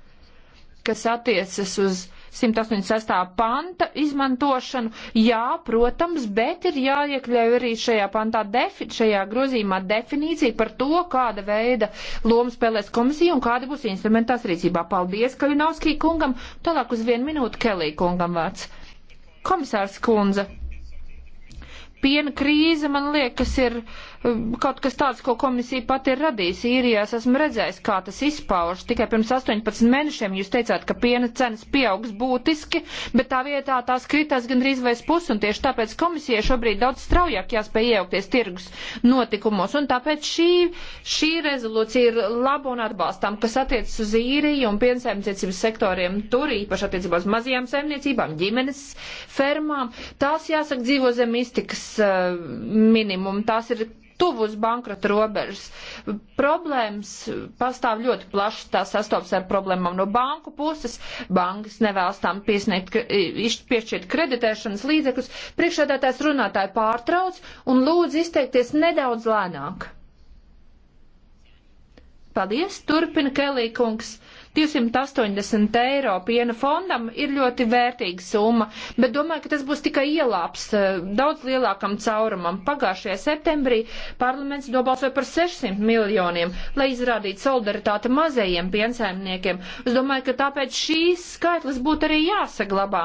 kas attiecas uz 186. panta izmantošanu. Jā, protams, bet ir jāiekļauj arī šajā pantā, defi, šajā grozījumā definīcija par to, kāda veida loma spēlēs komisija un kāda būs instrumentās rīcībā. Paldies, Kaļinovskī kungam. Tālāk uz vienu minūtu Kelī kungam vārds. Komisārs Kunze. Piena krīze, man liekas, ir kaut kas tāds, ko komisija pat ir radījusi. Īrijās esmu redzējis, kā tas izpaužas. Tikai pirms 18 mēnešiem jūs teicāt, ka piena cenas pieaugs būtiski, bet tā vietā tās kritās gandrīz vai pus, un tieši tāpēc komisijai šobrīd daudz straujāk jāspēj iejaukties tirgus notikumos. Un tāpēc šī, šī rezolūcija ir laba un atbalstām, kas attiecas uz īriju un piensaimniecības sektoriem tur, īpaši attiecībā uz mazajām saimniecībām, ģimenes fermām. Tās jāsaka dzīvo zem iztikas uh, eh, minimumu. Tās ir tuvu uz bankrota robežas. Problēmas pastāv ļoti plašas, tās sastopas ar problēmām no banku puses. Bankas nevēlas tām piesniegt, piešķirt kreditēšanas līdzekļus. Priekšādātājs runātāji pārtrauc un lūdzu izteikties nedaudz lēnāk. Paldies, turpina Kelī kungs. 280 eiro piena fondam ir ļoti vērtīga summa, bet domāju, ka tas būs tikai ielāps eh, daudz lielākam caurumam. Pagājušajā septembrī parlaments nobalsoja par 600 miljoniem, lai izrādītu solidaritāti mazajiem piensaimniekiem. Es domāju, ka tāpēc šīs skaitlis būtu arī jāsaglabā.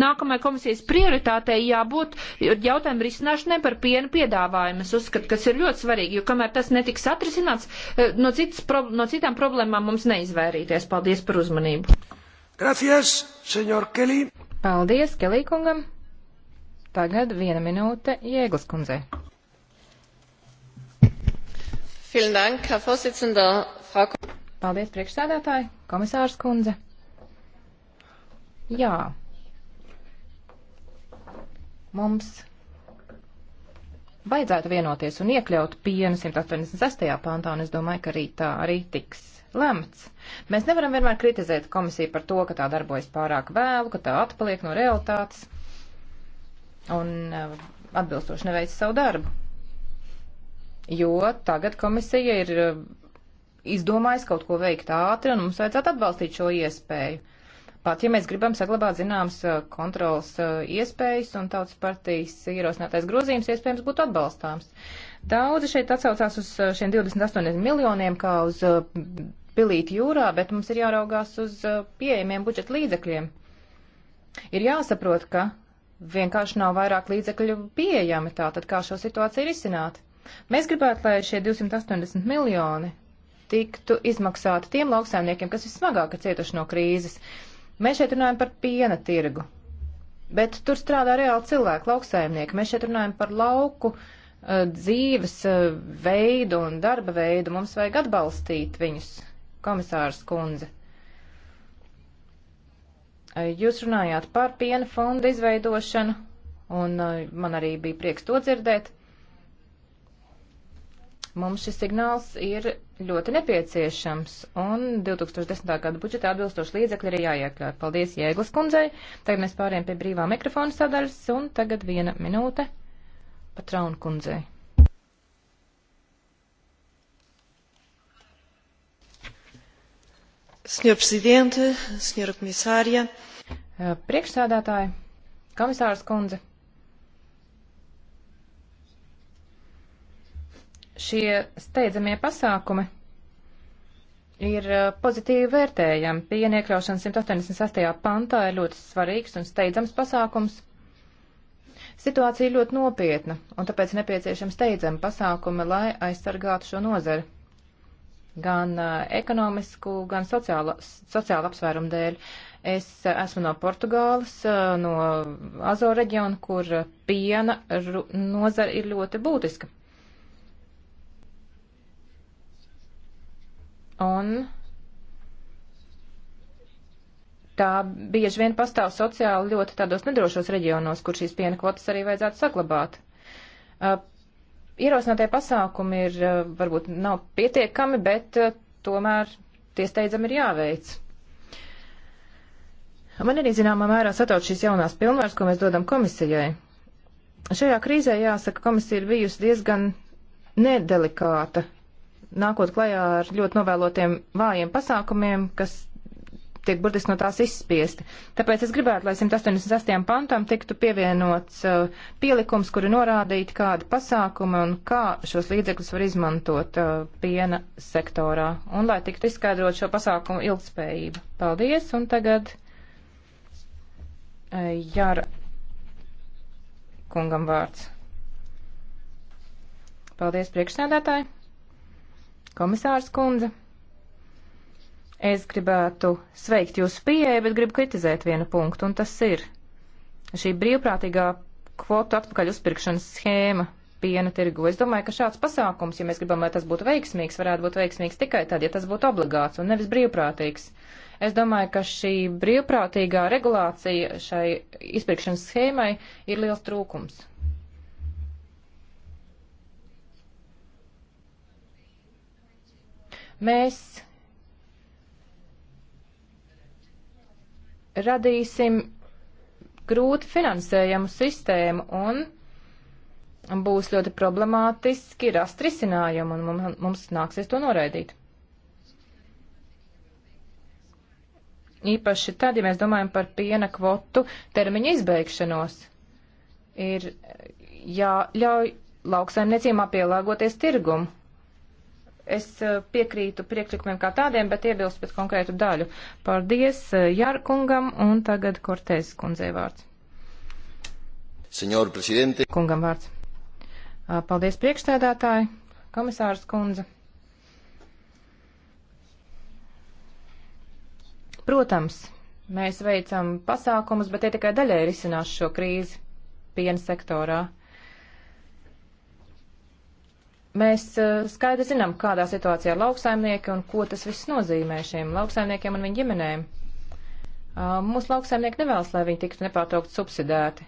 Nākamai komisijas prioritātei jābūt jautājumu risināšanai par piena piedāvājumu. Es uzskatu, kas ir ļoti svarīgi, jo kamēr tas netiks atrisināts, eh, no, citas, no citām problēmām mums neizvairīties. Paldies par uzmanību. Gracias, senor Kelly. Paldies, Kelly kungam. Tagad viena minūte Jēglas kundzei. Paldies, priekšsēdētāji, komisārs kundze. Jā, mums vajadzētu vienoties un iekļaut pienu 186. pantā, un es domāju, ka arī tā arī tiks lemts. Mēs nevaram vienmēr kritizēt komisiju par to, ka tā darbojas pārāk vēlu, ka tā atpaliek no realitātes un uh, atbilstoši neveic savu darbu. Jo tagad komisija ir uh, izdomājusi kaut ko veikt ātri, un mums vajadzētu atbalstīt šo iespēju pat ja mēs gribam saglabāt zināmas eh, kontrolas eh, iespējas un tautas partijas ierosinātais grozījums iespējams būtu atbalstāms. Daudzi šeit atsaucās uz eh, šiem 28 miljoniem kā uz pilīti jūrā, bet mums ir jāraugās uz pieejamiem budžeta līdzekļiem. Ir jāsaprot, ka vienkārši nav vairāk līdzekļu pieejami tā, tad kā šo situāciju risināt. Mēs gribētu, lai šie 280 miljoni tiktu izmaksāti tiem lauksaimniekiem, kas vismagāk ir cietuši no krīzes. Uh, Mēs šeit runājam par piena tirgu, bet tur strādā reāli cilvēki, lauksaimnieki. Mēs šeit runājam par lauku eh, dzīves eh, veidu un darba veidu. Mums vajag atbalstīt viņus, komisārs kundze. Eh, jūs runājāt par piena fonda izveidošanu, un man arī bija prieks to dzirdēt. Mums šis signāls ir ļoti nepieciešams, un 2010. gada budžetā atbilstoši līdzekļi ir jāiekļauj. Paldies Jēglas kundzei. Tagad mēs pāriem pie brīvā mikrofona sadaļas, un tagad viena minūte Patraun kundzei. Senhor Presidente, Senhora Comissária. Priekšsēdētāji, komisārs kundze. šie steidzamie pasākumi ir uh, pozitīvi vērtējami. Piena iekļaušana 188. pantā ir ļoti svarīgs un steidzams pasākums. Situācija ir ļoti nopietna, un tāpēc nepieciešams steidzami pasākumi, lai aizsargātu šo nozari. Gan uh, ekonomisku, gan sociālu, sociālu apsvērumu dēļ. Es uh, esmu no Portugāles, uh, no Azo reģiona, kur piena nozara ir ļoti būtiska. Un tā bieži vien pastāv sociāli ļoti tādos nedrošos reģionos, kur šīs piena kvotas arī vajadzētu saglabāt. Uh, ierosinātie pasākumi ir, uh, varbūt nav pietiekami, bet uh, tomēr tie steidzami ir jāveic. Man arī zināmā mērā satrauc šīs jaunās pilnvaras, ko mēs dodam komisijai. Šajā krīzē, jāsaka, komisija ir bijusi diezgan nedelikāta nākot klajā ar ļoti novēlotiem vājiem pasākumiem, kas tiek burtiski no tās izspiesti. Tāpēc es gribētu, lai 188. pantam tiktu pievienots uh, pielikums, kuri norādītu, kāda pasākuma un kā šos līdzekļus var izmantot uh, piena sektorā, un lai tiktu izskaidrot šo pasākumu ilgspējību. Paldies, un tagad uh, Jāra kungam vārds. Paldies, priekšsēdētāji! Komisārs kundze, es gribētu sveikt jūsu pieeju, bet gribu kritizēt vienu punktu, un tas ir šī brīvprātīgā kvotu atpakaļ uzpirkšanas schēma piena tirgu. Es domāju, ka šāds pasākums, ja mēs gribam, lai tas būtu veiksmīgs, varētu būt veiksmīgs tikai tad, ja tas būtu obligāts un nevis brīvprātīgs. Es domāju, ka šī brīvprātīgā regulācija šai izpirkšanas schēmai ir liels trūkums. Mēs radīsim grūti finansējumu sistēmu un būs ļoti problemātiski rast risinājumu, un mums, mums nāksies to noraidīt. Īpaši tad, ja mēs domājam par piena kvotu termiņu izbeigšanos, ir jāļauj lauksaimniecībā pielāgoties tirgumu Es eh, piekrītu priekšlikumiem kā tādiem, bet iebilstu pēc konkrētu daļu. Paldies eh, Jārkungam un tagad Kortēs kundzei vārds. Senjor prezidente. Kungam vārds. Eh, paldies priekšstādātāji, komisārs kundze. Protams, mēs veicam pasākumus, bet tie tikai daļai risinās šo krīzi piena sektorā. Uh, Mēs eh, skaidri zinām, kādā situācijā ir lauksaimnieki un ko tas viss nozīmē šiem lauksaimniekiem un viņu ģimenēm. Eh, mūsu lauksaimnieki nevēlas, lai viņi tiktu nepārtraukt subsidēti.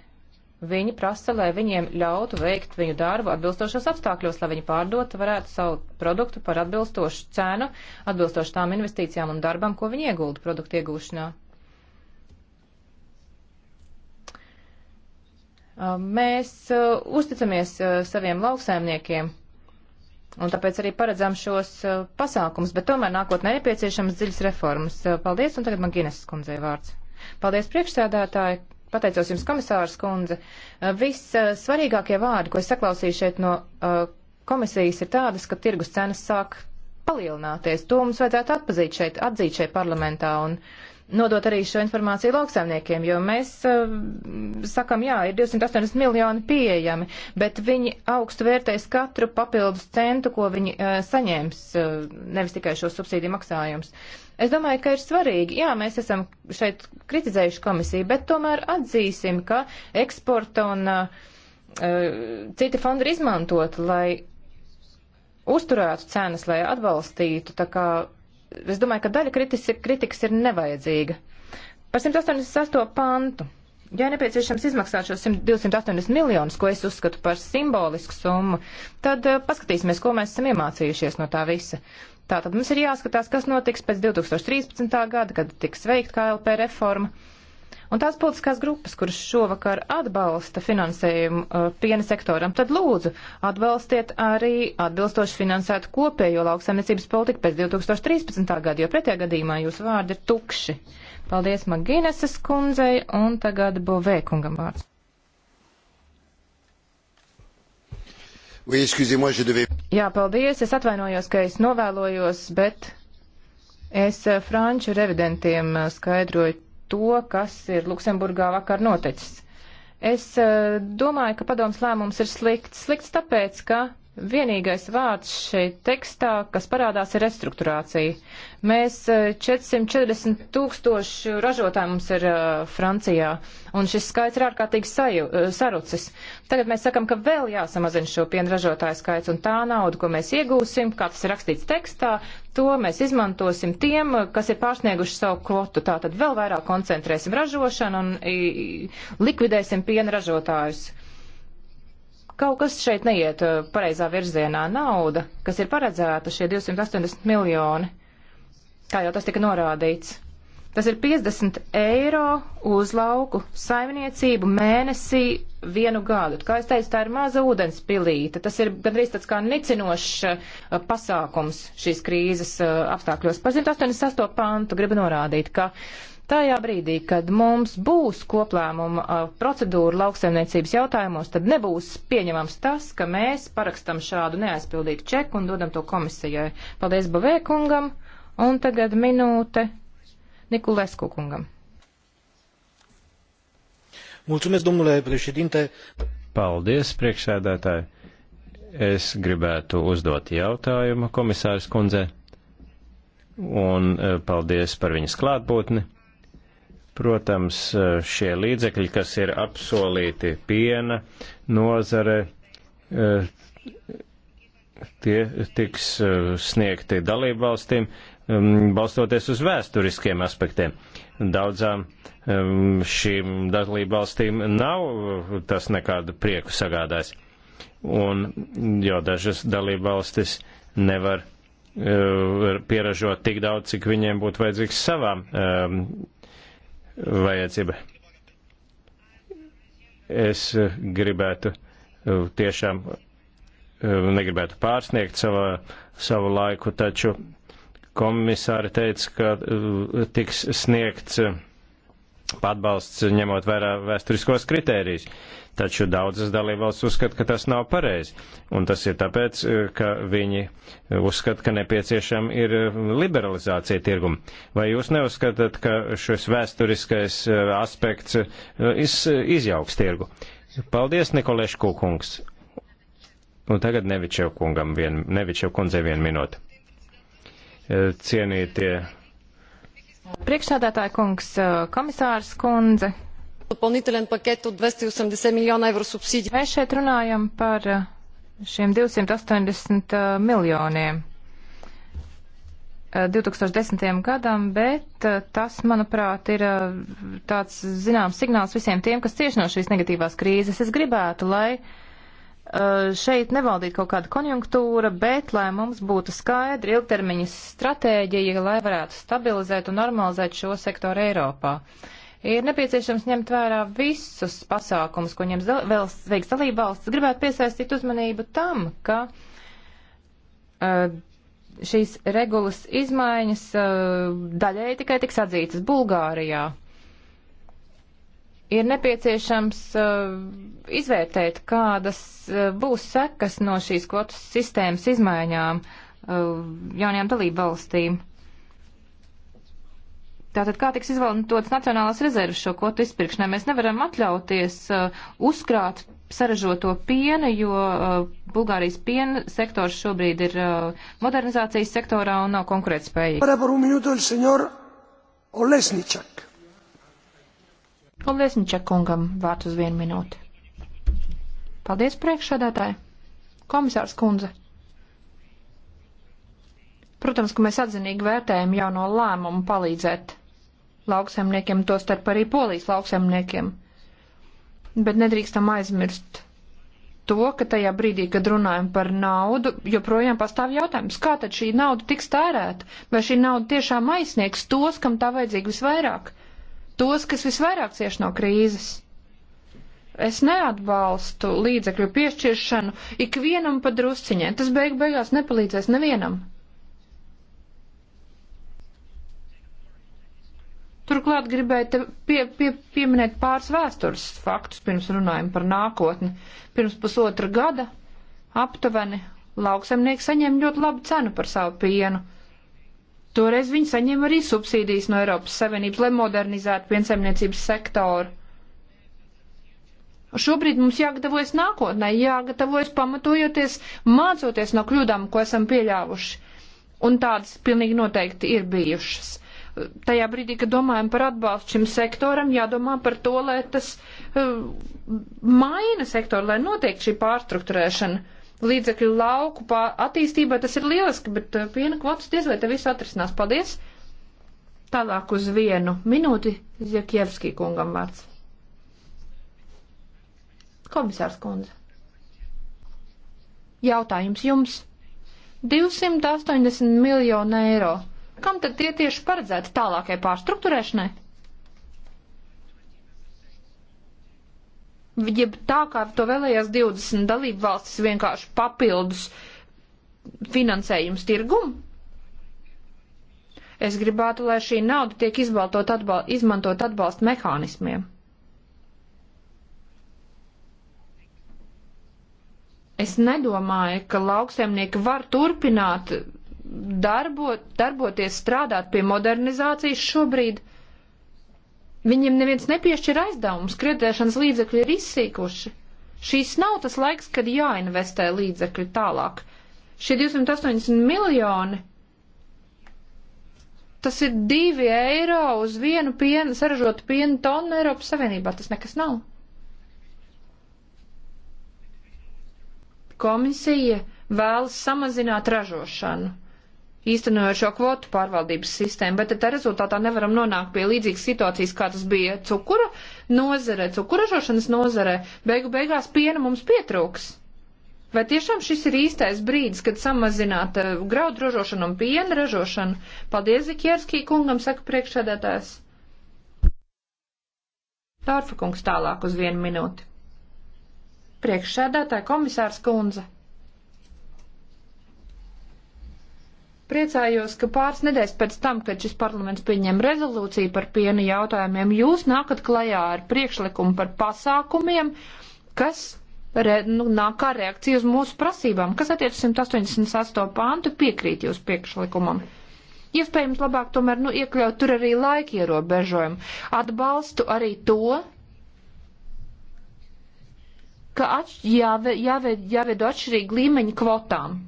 Viņi prasa, lai viņiem ļautu veikt viņu darbu atbilstošos apstākļos, lai viņi pārdotu varētu savu produktu par atbilstošu cenu, atbilstošu tām investīcijām un darbam, ko viņi iegulda produktu iegūšanā. Eh, mēs uzticamies saviem lauksaimniekiem. Un tāpēc arī paredzam šos uh, pasākums, bet tomēr nākotnē nepieciešams dziļas reformas. Uh, paldies, un tagad man Gines skundzē vārds. Paldies priekšsēdētāji, pateicos jums komisārs skundze. Uh, Vissvarīgākie vārdi, ko es saklausīju šeit no komisijas, ir tādas, ka tirgus cenas sāk palielināties. To mums vajadzētu atpazīt šeit, atzīt šeit parlamentā. Un, uh, nodot arī šo informāciju lauksaimniekiem, jo mēs uh, sakam, jā, ir 280 miljoni pieejami, bet viņi augstu vērtēs katru papildus centu, ko viņi uh, eh, saņēms, uh, eh, nevis tikai šo subsīdiju maksājumus. Es domāju, ka ir svarīgi, jā, mēs esam šeit kritizējuši komisiju, bet tomēr atzīsim, ka eksporta un uh, citi fondi ir izmantoti, lai uzturētu cenas, lai atbalstītu. Tā kā es domāju, ka daļa kritis, kritikas ir nevajadzīga. Par 188. pantu. Ja nepieciešams izmaksāt šos 280 miljonus, ko es uzskatu par simbolisku summu, tad eh, paskatīsimies, ko mēs esam iemācījušies no tā visa. Tātad mums ir jāskatās, kas notiks pēc 2013. gada, kad tiks veikta KLP reforma. Un tās politiskās grupas, kuras šovakar atbalsta finansējumu uh, piena sektoram, tad lūdzu atbalstiet arī atbilstoši finansētu kopējo lauksaimniecības politiku pēc 2013. gada, jo pretējā gadījumā jūsu vārdi ir tukši. Paldies Magineses kundzei un tagad Bovē kungam vārds. Oui, devais... Jā, paldies, es atvainojos, ka es novēlojos, bet es eh, franču revidentiem eh, skaidroju to, kas ir Luksemburgā vakar noticis. Es eh, domāju, ka padoms lēmums ir slikts. Slikts tāpēc, ka Vienīgais vārds šeit tekstā, kas parādās, ir restruktūrācija. Mēs 440 eh, tūkstoši ražotāji mums ir uh, Francijā, un šis skaits ir ārkārtīgi saju, uh, sarucis. Tagad mēs sakam, ka vēl jāsamazina šo pienražotāju skaits, un tā nauda, ko mēs iegūsim, kā tas ir rakstīts tekstā, to mēs izmantosim tiem, kas ir pārsnieguši savu kvotu. Tātad vēl vairāk koncentrēsim ražošanu un i, likvidēsim pienražotājus. ražotājus Kaut kas šeit neiet uh, pareizā virzienā. Nauda, kas ir paredzēta, šie 280 miljoni, kā jau tas tika norādīts, tas ir 50 eiro uz lauku saimniecību mēnesī vienu gadu. Kā es teicu, tā ir maza ūdens pilīte. Tas ir gandrīz tāds kā nicinošs uh, pasākums šīs krīzes uh, apstākļos. Par 188. pantu gribu norādīt, ka. Uh, Tajā brīdī, kad mums būs koplēmuma uh, procedūra lauksaimniecības jautājumos, tad nebūs pieņemams tas, ka mēs parakstam šādu neaizpildītu čeku un dodam to komisijai. Paldies Bavēkungam, un tagad minūte Nikulesku kungam. Mulțumesc, domnule președinte. Paldies, priekšsēdētāji. Es gribētu uzdot jautājumu komisārs kundze, un uh, paldies par viņas klātbūtni. Protams, šie līdzekļi, kas ir apsolīti piena nozare, eh, tie tiks eh, sniegti dalību valstīm, mm, balstoties uz vēsturiskiem aspektiem. Daudzām mm, šīm dalību valstīm nav eh, tas nekādu prieku sagādājis. Un jo dažas dalību valstis nevar pieražot tik daudz, cik viņiem būtu vajadzīgs savām vajadzība. Es gribētu eh, tiešām eh, negribētu pārsniegt savā, savu laiku, taču komisāri teica, ka eh, tiks sniegts atbalsts ņemot vērā vēsturiskos kritērijus. Taču daudzas dalībvalsts uzskata, ka tas nav pareizi. Un tas ir tāpēc, eh, ka viņi uzskata, ka nepieciešama ir eh, liberalizācija tirguma. Vai jūs neuzskatāt, ka šis vēsturiskais eh, aspekts iz, izjauks tirgu? Paldies, Nikolēšku kungs. Un tagad Nevičev kungam vien, Nevičev kundzei vien minūte. Cienītie. Priekšsādātāja kungs, komisārs kundze, Mēs šeit runājam par šiem 280 miljoniem 2010. gadam, bet tas, manuprāt, ir tāds zināms signāls visiem tiem, kas cieši no šīs negatīvās krīzes. Es gribētu, lai šeit nevaldītu kaut kāda konjunktūra, bet lai mums būtu skaidra ilgtermiņas stratēģija, lai varētu stabilizēt un normalizēt šo sektoru Eiropā. Uh, Ir nepieciešams ņemt vērā visus pasākumus, ko ņems vēl veiks dalībvalsts. Gribētu piesaistīt uzmanību tam, ka uh, šīs regulas izmaiņas uh, daļēji tikai tiks atzītas Bulgārijā. Ir nepieciešams uh, izvērtēt, kādas uh, būs sekas no šīs kvotas sistēmas izmaiņām uh, jaunajām dalībvalstīm. valstīm Tātad, kā tiks izvēlētas nacionālās rezerves šo kvotu izpirkšanai? Mēs nevaram atļauties uh, uzkrāt sarežoto pienu, jo uh, Bulgārijas piena sektors šobrīd ir uh, modernizācijas sektorā un nav konkurētspējīgs. Olesničak. Olesničak kungam vārds uz vienu minūti. Paldies priekšsādātāji. Komisārs kundze. Protams, ka mēs atzinīgi vērtējam jauno lēmumu palīdzēt lauksaimniekiem, to starp arī polijas lauksaimniekiem. Bet nedrīkstam aizmirst to, ka tajā brīdī, kad runājam par naudu, joprojām pastāv jautājums, kā tad šī nauda tiks tērēta? Vai šī nauda tiešām aizsniegs tos, kam tā vajadzīga visvairāk? Tos, kas visvairāk cieš no krīzes? Es neatbalstu līdzekļu piešķiršanu ikvienam pa drusciņai. Tas beig beigās nepalīdzēs nevienam. Turklāt gribēju te pie, pie, pieminēt pāris vēstures faktus, pirms runājam par nākotni. Pirms pusotra gada aptuveni lauksemnieki saņēma ļoti labu cenu par savu pienu. Toreiz viņi saņēma arī subsīdijas no Eiropas Savienības, lai modernizētu piensaimniecības sektoru. Šobrīd mums jāgatavojas nākotnē, jāgatavojas pamatojoties, mācoties no kļūdām, ko esam pieļāvuši. Un tādas pilnīgi noteikti ir bijušas tajā brīdī, kad domājam par atbalstu šim sektoram, jādomā par to, lai tas e, maina sektoru, lai notiek šī pārstruktūrēšana. Līdzekļu lauku pār, attīstībā tas ir lieliski, bet e, piena kvotas diez vai te viss atrisinās. Paldies! Tālāk uz vienu minūti Ziekievskī kungam vārds. Komisārs kundze. Jautājums jums. 280 miljonu eiro Kam tad tie tieši paredzēti tālākai pārstruktūrēšanai? Ja tā kā to vēlējās 20 dalību valstis vienkārši papildus finansējums tirgumu, es gribētu, lai šī nauda tiek izbaltot atbal izmantot atbalsta mehānismiem. Es nedomāju, ka lauksaimnieki var turpināt darbot, darboties, strādāt pie modernizācijas šobrīd. Viņiem neviens nepiešķir aizdevumus, kreditēšanas līdzekļi ir izsīkuši. Šīs nav tas laiks, kad jāinvestē līdzekļi tālāk. Šie 280 miljoni, tas ir 2 eiro uz vienu pienu, saražotu pienu tonu Eiropas Savienībā, tas nekas nav. Komisija vēlas samazināt ražošanu īstenojot šo kvotu pārvaldības sistēmu, bet tā rezultātā nevaram nonākt pie līdzīgas situācijas, kā tas bija cukura nozare, cukuražošanas nozare. Beigu beigās piena mums pietrūks. Vai tiešām šis ir īstais brīdis, kad samazināt uh, graudu ražošanu un piena ražošanu? Paldies, Zikierskī kungam, saka priekšsēdētājs. Tārfa kungs tālāk uz vienu minūti. Priekšsēdētāja komisārs kundze. Priecājos, ka pāris nedēļas pēc tam, kad šis parlaments pieņem rezolūciju par piena jautājumiem, jūs nākat klajā ar priekšlikumu par pasākumiem, kas re, nu, nāk kā reakcija uz mūsu prasībām. Kas attiecas 188. pāntu, piekrīt jūs priekšlikumam. Iespējams, labāk tomēr nu, iekļaut tur arī laika ierobežojumu. Atbalstu arī to, ka atš jāve, jāve, jāvedu atšķirīgi līmeņi kvotām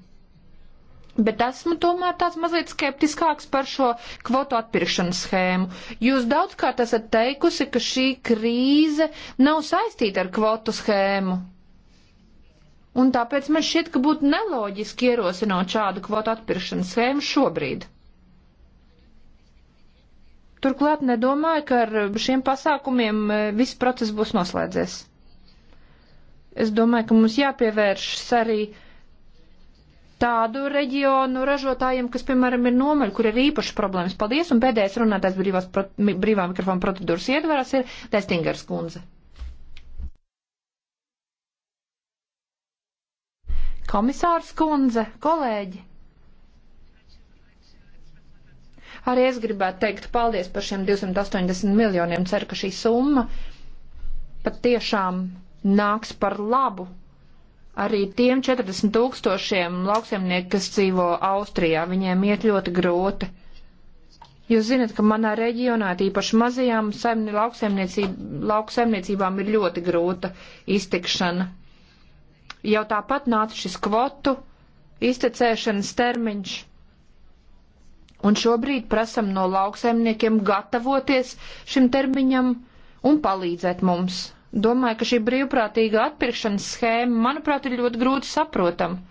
Bet esmu tomēr tāds mazliet skeptiskāks par šo kvotu atpirkšanas schēmu. Jūs daudzkārt esat teikusi, ka šī krīze nav saistīta ar kvotu schēmu. Un tāpēc man šķiet, ka būtu neloģiski ierosināt šādu kvotu atpirkšanas schēmu šobrīd. Turklāt nedomāju, ka ar šiem pasākumiem e, viss process būs noslēdzies. Es domāju, ka mums jāpievēršas arī tādu reģionu ražotājiem, kas, piemēram, ir nomaļ, kur ir īpašas problēmas. Paldies, un pēdējais runātājs brīvās, pro, brīvā mikrofona procedūras iedvarās ir Destingers kundze. Komisārs kundze, kolēģi. Arī es gribētu teikt paldies par šiem 280 miljoniem. Ceru, ka šī summa patiešām nāks par labu arī tiem 40 tūkstošiem lauksemnieku, kas dzīvo Austrijā. Viņiem iet ļoti grūti. Jūs zinat, ka manā reģionā, tīpaši mazajām lauksaimniecībām, ir ļoti grūta iztikšana. Jau tāpat nāca šis kvotu iztecēšanas termiņš. Un šobrīd prasam no lauksaimniekiem gatavoties šim termiņam un palīdzēt mums. Domāju, ka šī brīvprātīga atpirkšanas schēma, manuprāt, ir ļoti grūti saprotama.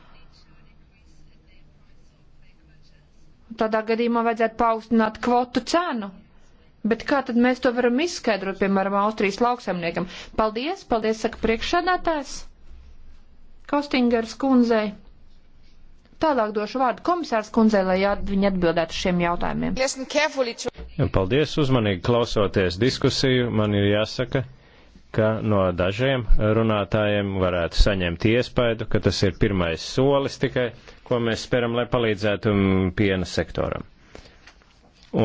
Tādā gadījumā vajadzētu paaugstināt kvotu cenu. Bet kā tad mēs to varam izskaidrot, piemēram, Austrijas lauksaimniekam? Paldies, paldies, saka priekšsēdētājs Kostingers kundzei. Tālāk došu vārdu komisārs kundzei, lai viņi atbildētu šiem jautājumiem. Paldies, uzmanīgi klausoties diskusiju. Man ir jāsaka, ka no dažiem runātājiem varētu saņemt iespaidu, ka tas ir pirmais solis tikai, ko mēs speram, lai palīdzētu piena sektoram.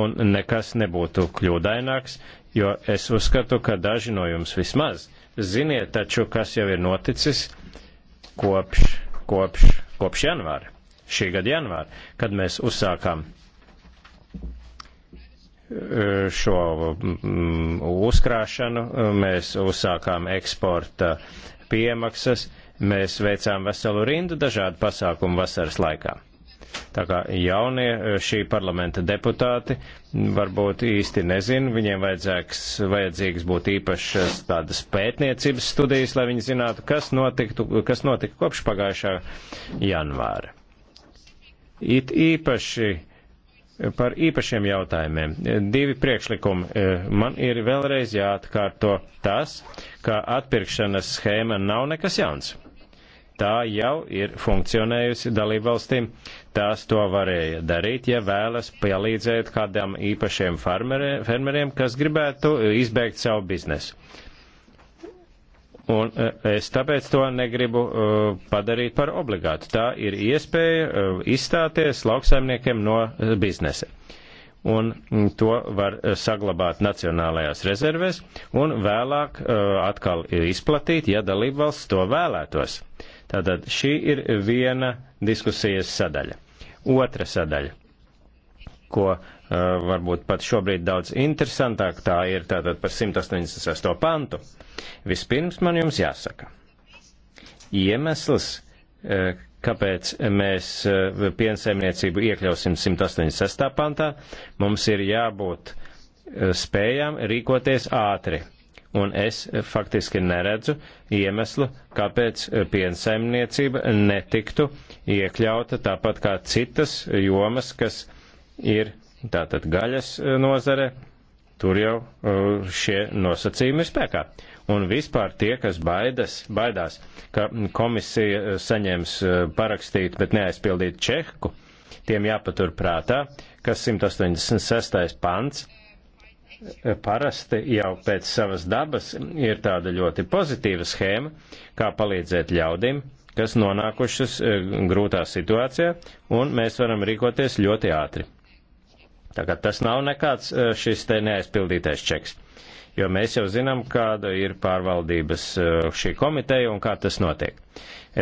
Un nekas nebūtu kļūdaināks, jo es uzskatu, ka daži no jums vismaz ziniet taču, kas jau ir noticis kopš, kopš, kopš janvāra, šī gada janvāra, kad mēs uzsākām šo mm, uzkrāšanu, mēs uzsākām eksporta piemaksas, mēs veicām veselu rindu dažādu pasākumu vasaras laikā. Tā kā jaunie šī parlamenta deputāti varbūt īsti nezina, viņiem vajadzēks, vajadzīgs būt īpašas tādas pētniecības studijas, lai viņi zinātu, kas, notiktu, kas notika kopš pagājušā janvāra. It īpaši uh, par īpašiem jautājumiem. Divi priekšlikumi. E, man ir vēlreiz jāatkārto tas, ka atpirkšanas schēma nav nekas jauns. Tā jau ir funkcionējusi dalībvalstīm. Tās to varēja darīt, ja vēlas palīdzēt kādam īpašiem farmeriem, kas gribētu izbeigt savu biznesu. Un e, es tāpēc to negribu e, padarīt par obligātu. Tā ir iespēja e, izstāties lauksaimniekiem no biznesa. Un to var saglabāt nacionālajās rezervēs un vēlāk atkal izplatīt, ja dalībvalsts to vēlētos. Tātad šī ir viena diskusijas sadaļa. Otra sadaļa ko uh, varbūt pat šobrīd daudz interesantāk tā ir tātad par 186. pantu. Vispirms man jums jāsaka, iemesls, uh, kāpēc mēs uh, piensaimniecību iekļausim 186. pantā, mums ir jābūt uh, spējām rīkoties ātri. Un es faktiski neredzu iemeslu, kāpēc piensaimniecība netiktu iekļauta tāpat kā citas jomas, kas uh, ir tātad gaļas eh, nozare, tur jau eh, šie nosacījumi ir spēkā. Un vispār tie, kas baidas, baidās, ka komisija eh, saņems parakstīt, bet neaizpildīt čehku, tiem jāpatur prātā, ka 186. pants parasti jau pēc savas dabas ir tāda ļoti pozitīva schēma, kā palīdzēt ļaudim, kas nonākušas grūtā situācijā, un mēs varam rīkoties ļoti ātri. Tagad tas nav nekāds eh, šis te neaizpildītais čeks, jo mēs jau zinām, kāda ir pārvaldības eh, šī komiteja un kā tas notiek.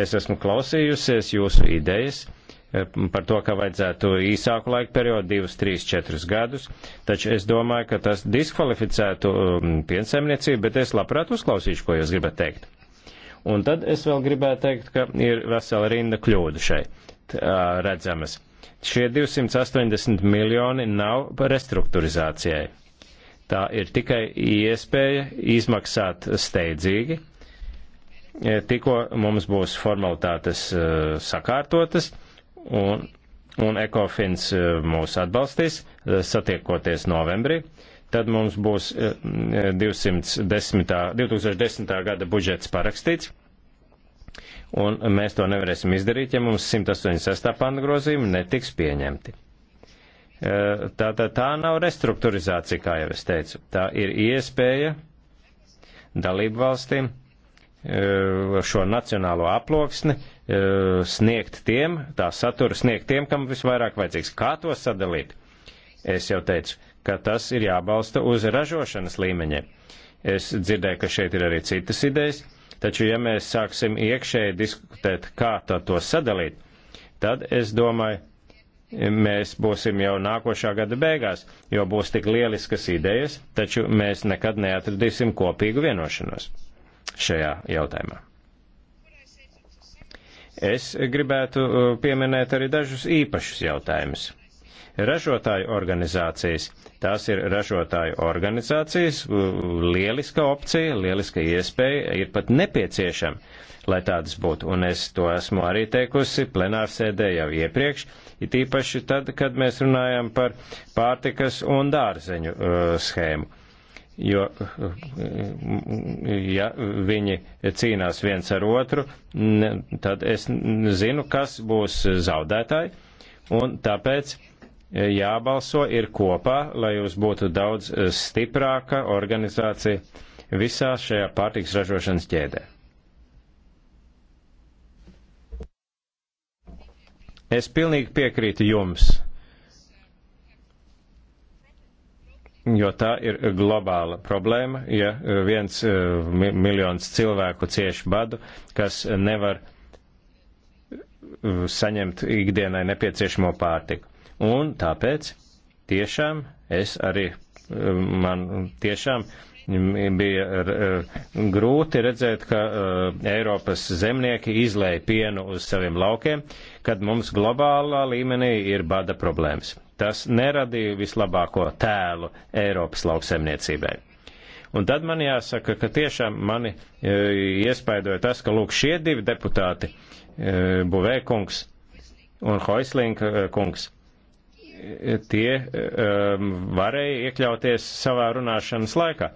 Es esmu klausījusies jūsu idejas eh, par to, ka vajadzētu īsāku laiku periodu, divus, trīs, četrus gadus, taču es domāju, ka tas diskvalificētu um, piensaimniecību, bet es labprāt uzklausīšu, ko jūs gribat teikt. Un tad es vēl gribētu teikt, ka ir vesela rinda kļūdu šeit redzamas Šie 280 miljoni nav restruktūrizācijai. Tā ir tikai iespēja izmaksāt steidzīgi, e, tikko mums būs formalitātes e, sakārtotas, un, un Ekofins e, mūs atbalstīs, satiekoties novembrī, tad mums būs 210, 2010. gada budžets parakstīts un mēs to nevarēsim izdarīt, ja mums 186. panta grozījumi netiks pieņemti. E, tā, tā, tā nav restruktūrizācija, kā jau es teicu. Tā ir iespēja dalību valstīm e, šo nacionālo aploksni e, sniegt tiem, tā satura sniegt tiem, kam visvairāk vajadzīgs. Kā to sadalīt? Es jau teicu, ka tas ir jābalsta uz ražošanas līmeņiem. Es dzirdēju, ka šeit ir arī citas idejas. Uh, Taču, ja mēs sāksim iekšēji diskutēt, kā tad to sadalīt, tad es domāju, mēs būsim jau nākošā gada beigās, jo būs tik lieliskas idejas, taču mēs nekad neatradīsim kopīgu vienošanos šajā jautājumā. Es gribētu uh, pieminēt arī dažus īpašus jautājumus. Ražotāju organizācijas. Tās ir ražotāju organizācijas, lieliska opcija, lieliska iespēja, ir pat nepieciešama, lai tādas būtu. Un es to esmu arī teikusi plenārsēdē jau iepriekš, it īpaši tad, kad mēs runājam par pārtikas un dārzeņu uh, schēmu. Jo, ja viņi cīnās viens ar otru, ne, tad es zinu, kas būs zaudētāji, un tāpēc jābalso ir kopā, lai jūs būtu daudz eh, stiprāka organizācija visā šajā pārtiks ražošanas ķēdē. Es pilnīgi piekrītu jums, jo tā ir globāla problēma, ja viens eh, miljons cilvēku cieši badu, kas nevar eh, saņemt ikdienai nepieciešamo pārtiku. Un tāpēc tiešām es arī, um, man tiešām bija er, er, grūti redzēt, ka uh, Eiropas zemnieki izlēja pienu uz saviem laukiem, kad mums globālā līmenī ir bada problēmas. Tas neradīja vislabāko tēlu Eiropas lauksemniecībai. Un tad man jāsaka, ka tiešām mani e, iespaidoja tas, ka lūk šie divi deputāti, e, Buvēkungs un Hoislinga e, kungs tie um, varēja iekļauties savā runāšanas laikā.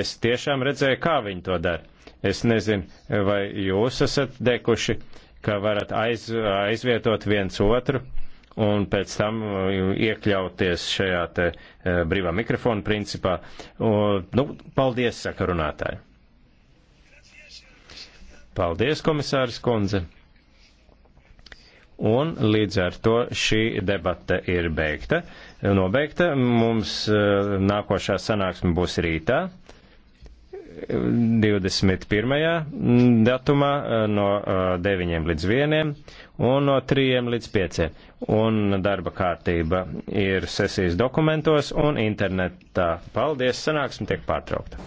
Es tiešām redzēju, kā viņi to dara. Es nezinu, vai jūs esat dekuši, ka varat aiz, aizvietot viens otru un pēc tam uh, iekļauties šajā te uh, brīvā mikrofona principā. Un, nu, paldies, saka runātāji. Paldies, komisārs Kundze. Un līdz ar to šī debata ir beigta. Nobeigta mums eh, nākošā sanāksme būs rītā. 21. Eh, datumā eh, no 9 līdz 1 un no 3 līdz 5. Un darba kārtība ir sesijas dokumentos un internetā. Paldies, sanāksim tiek pārtraukta.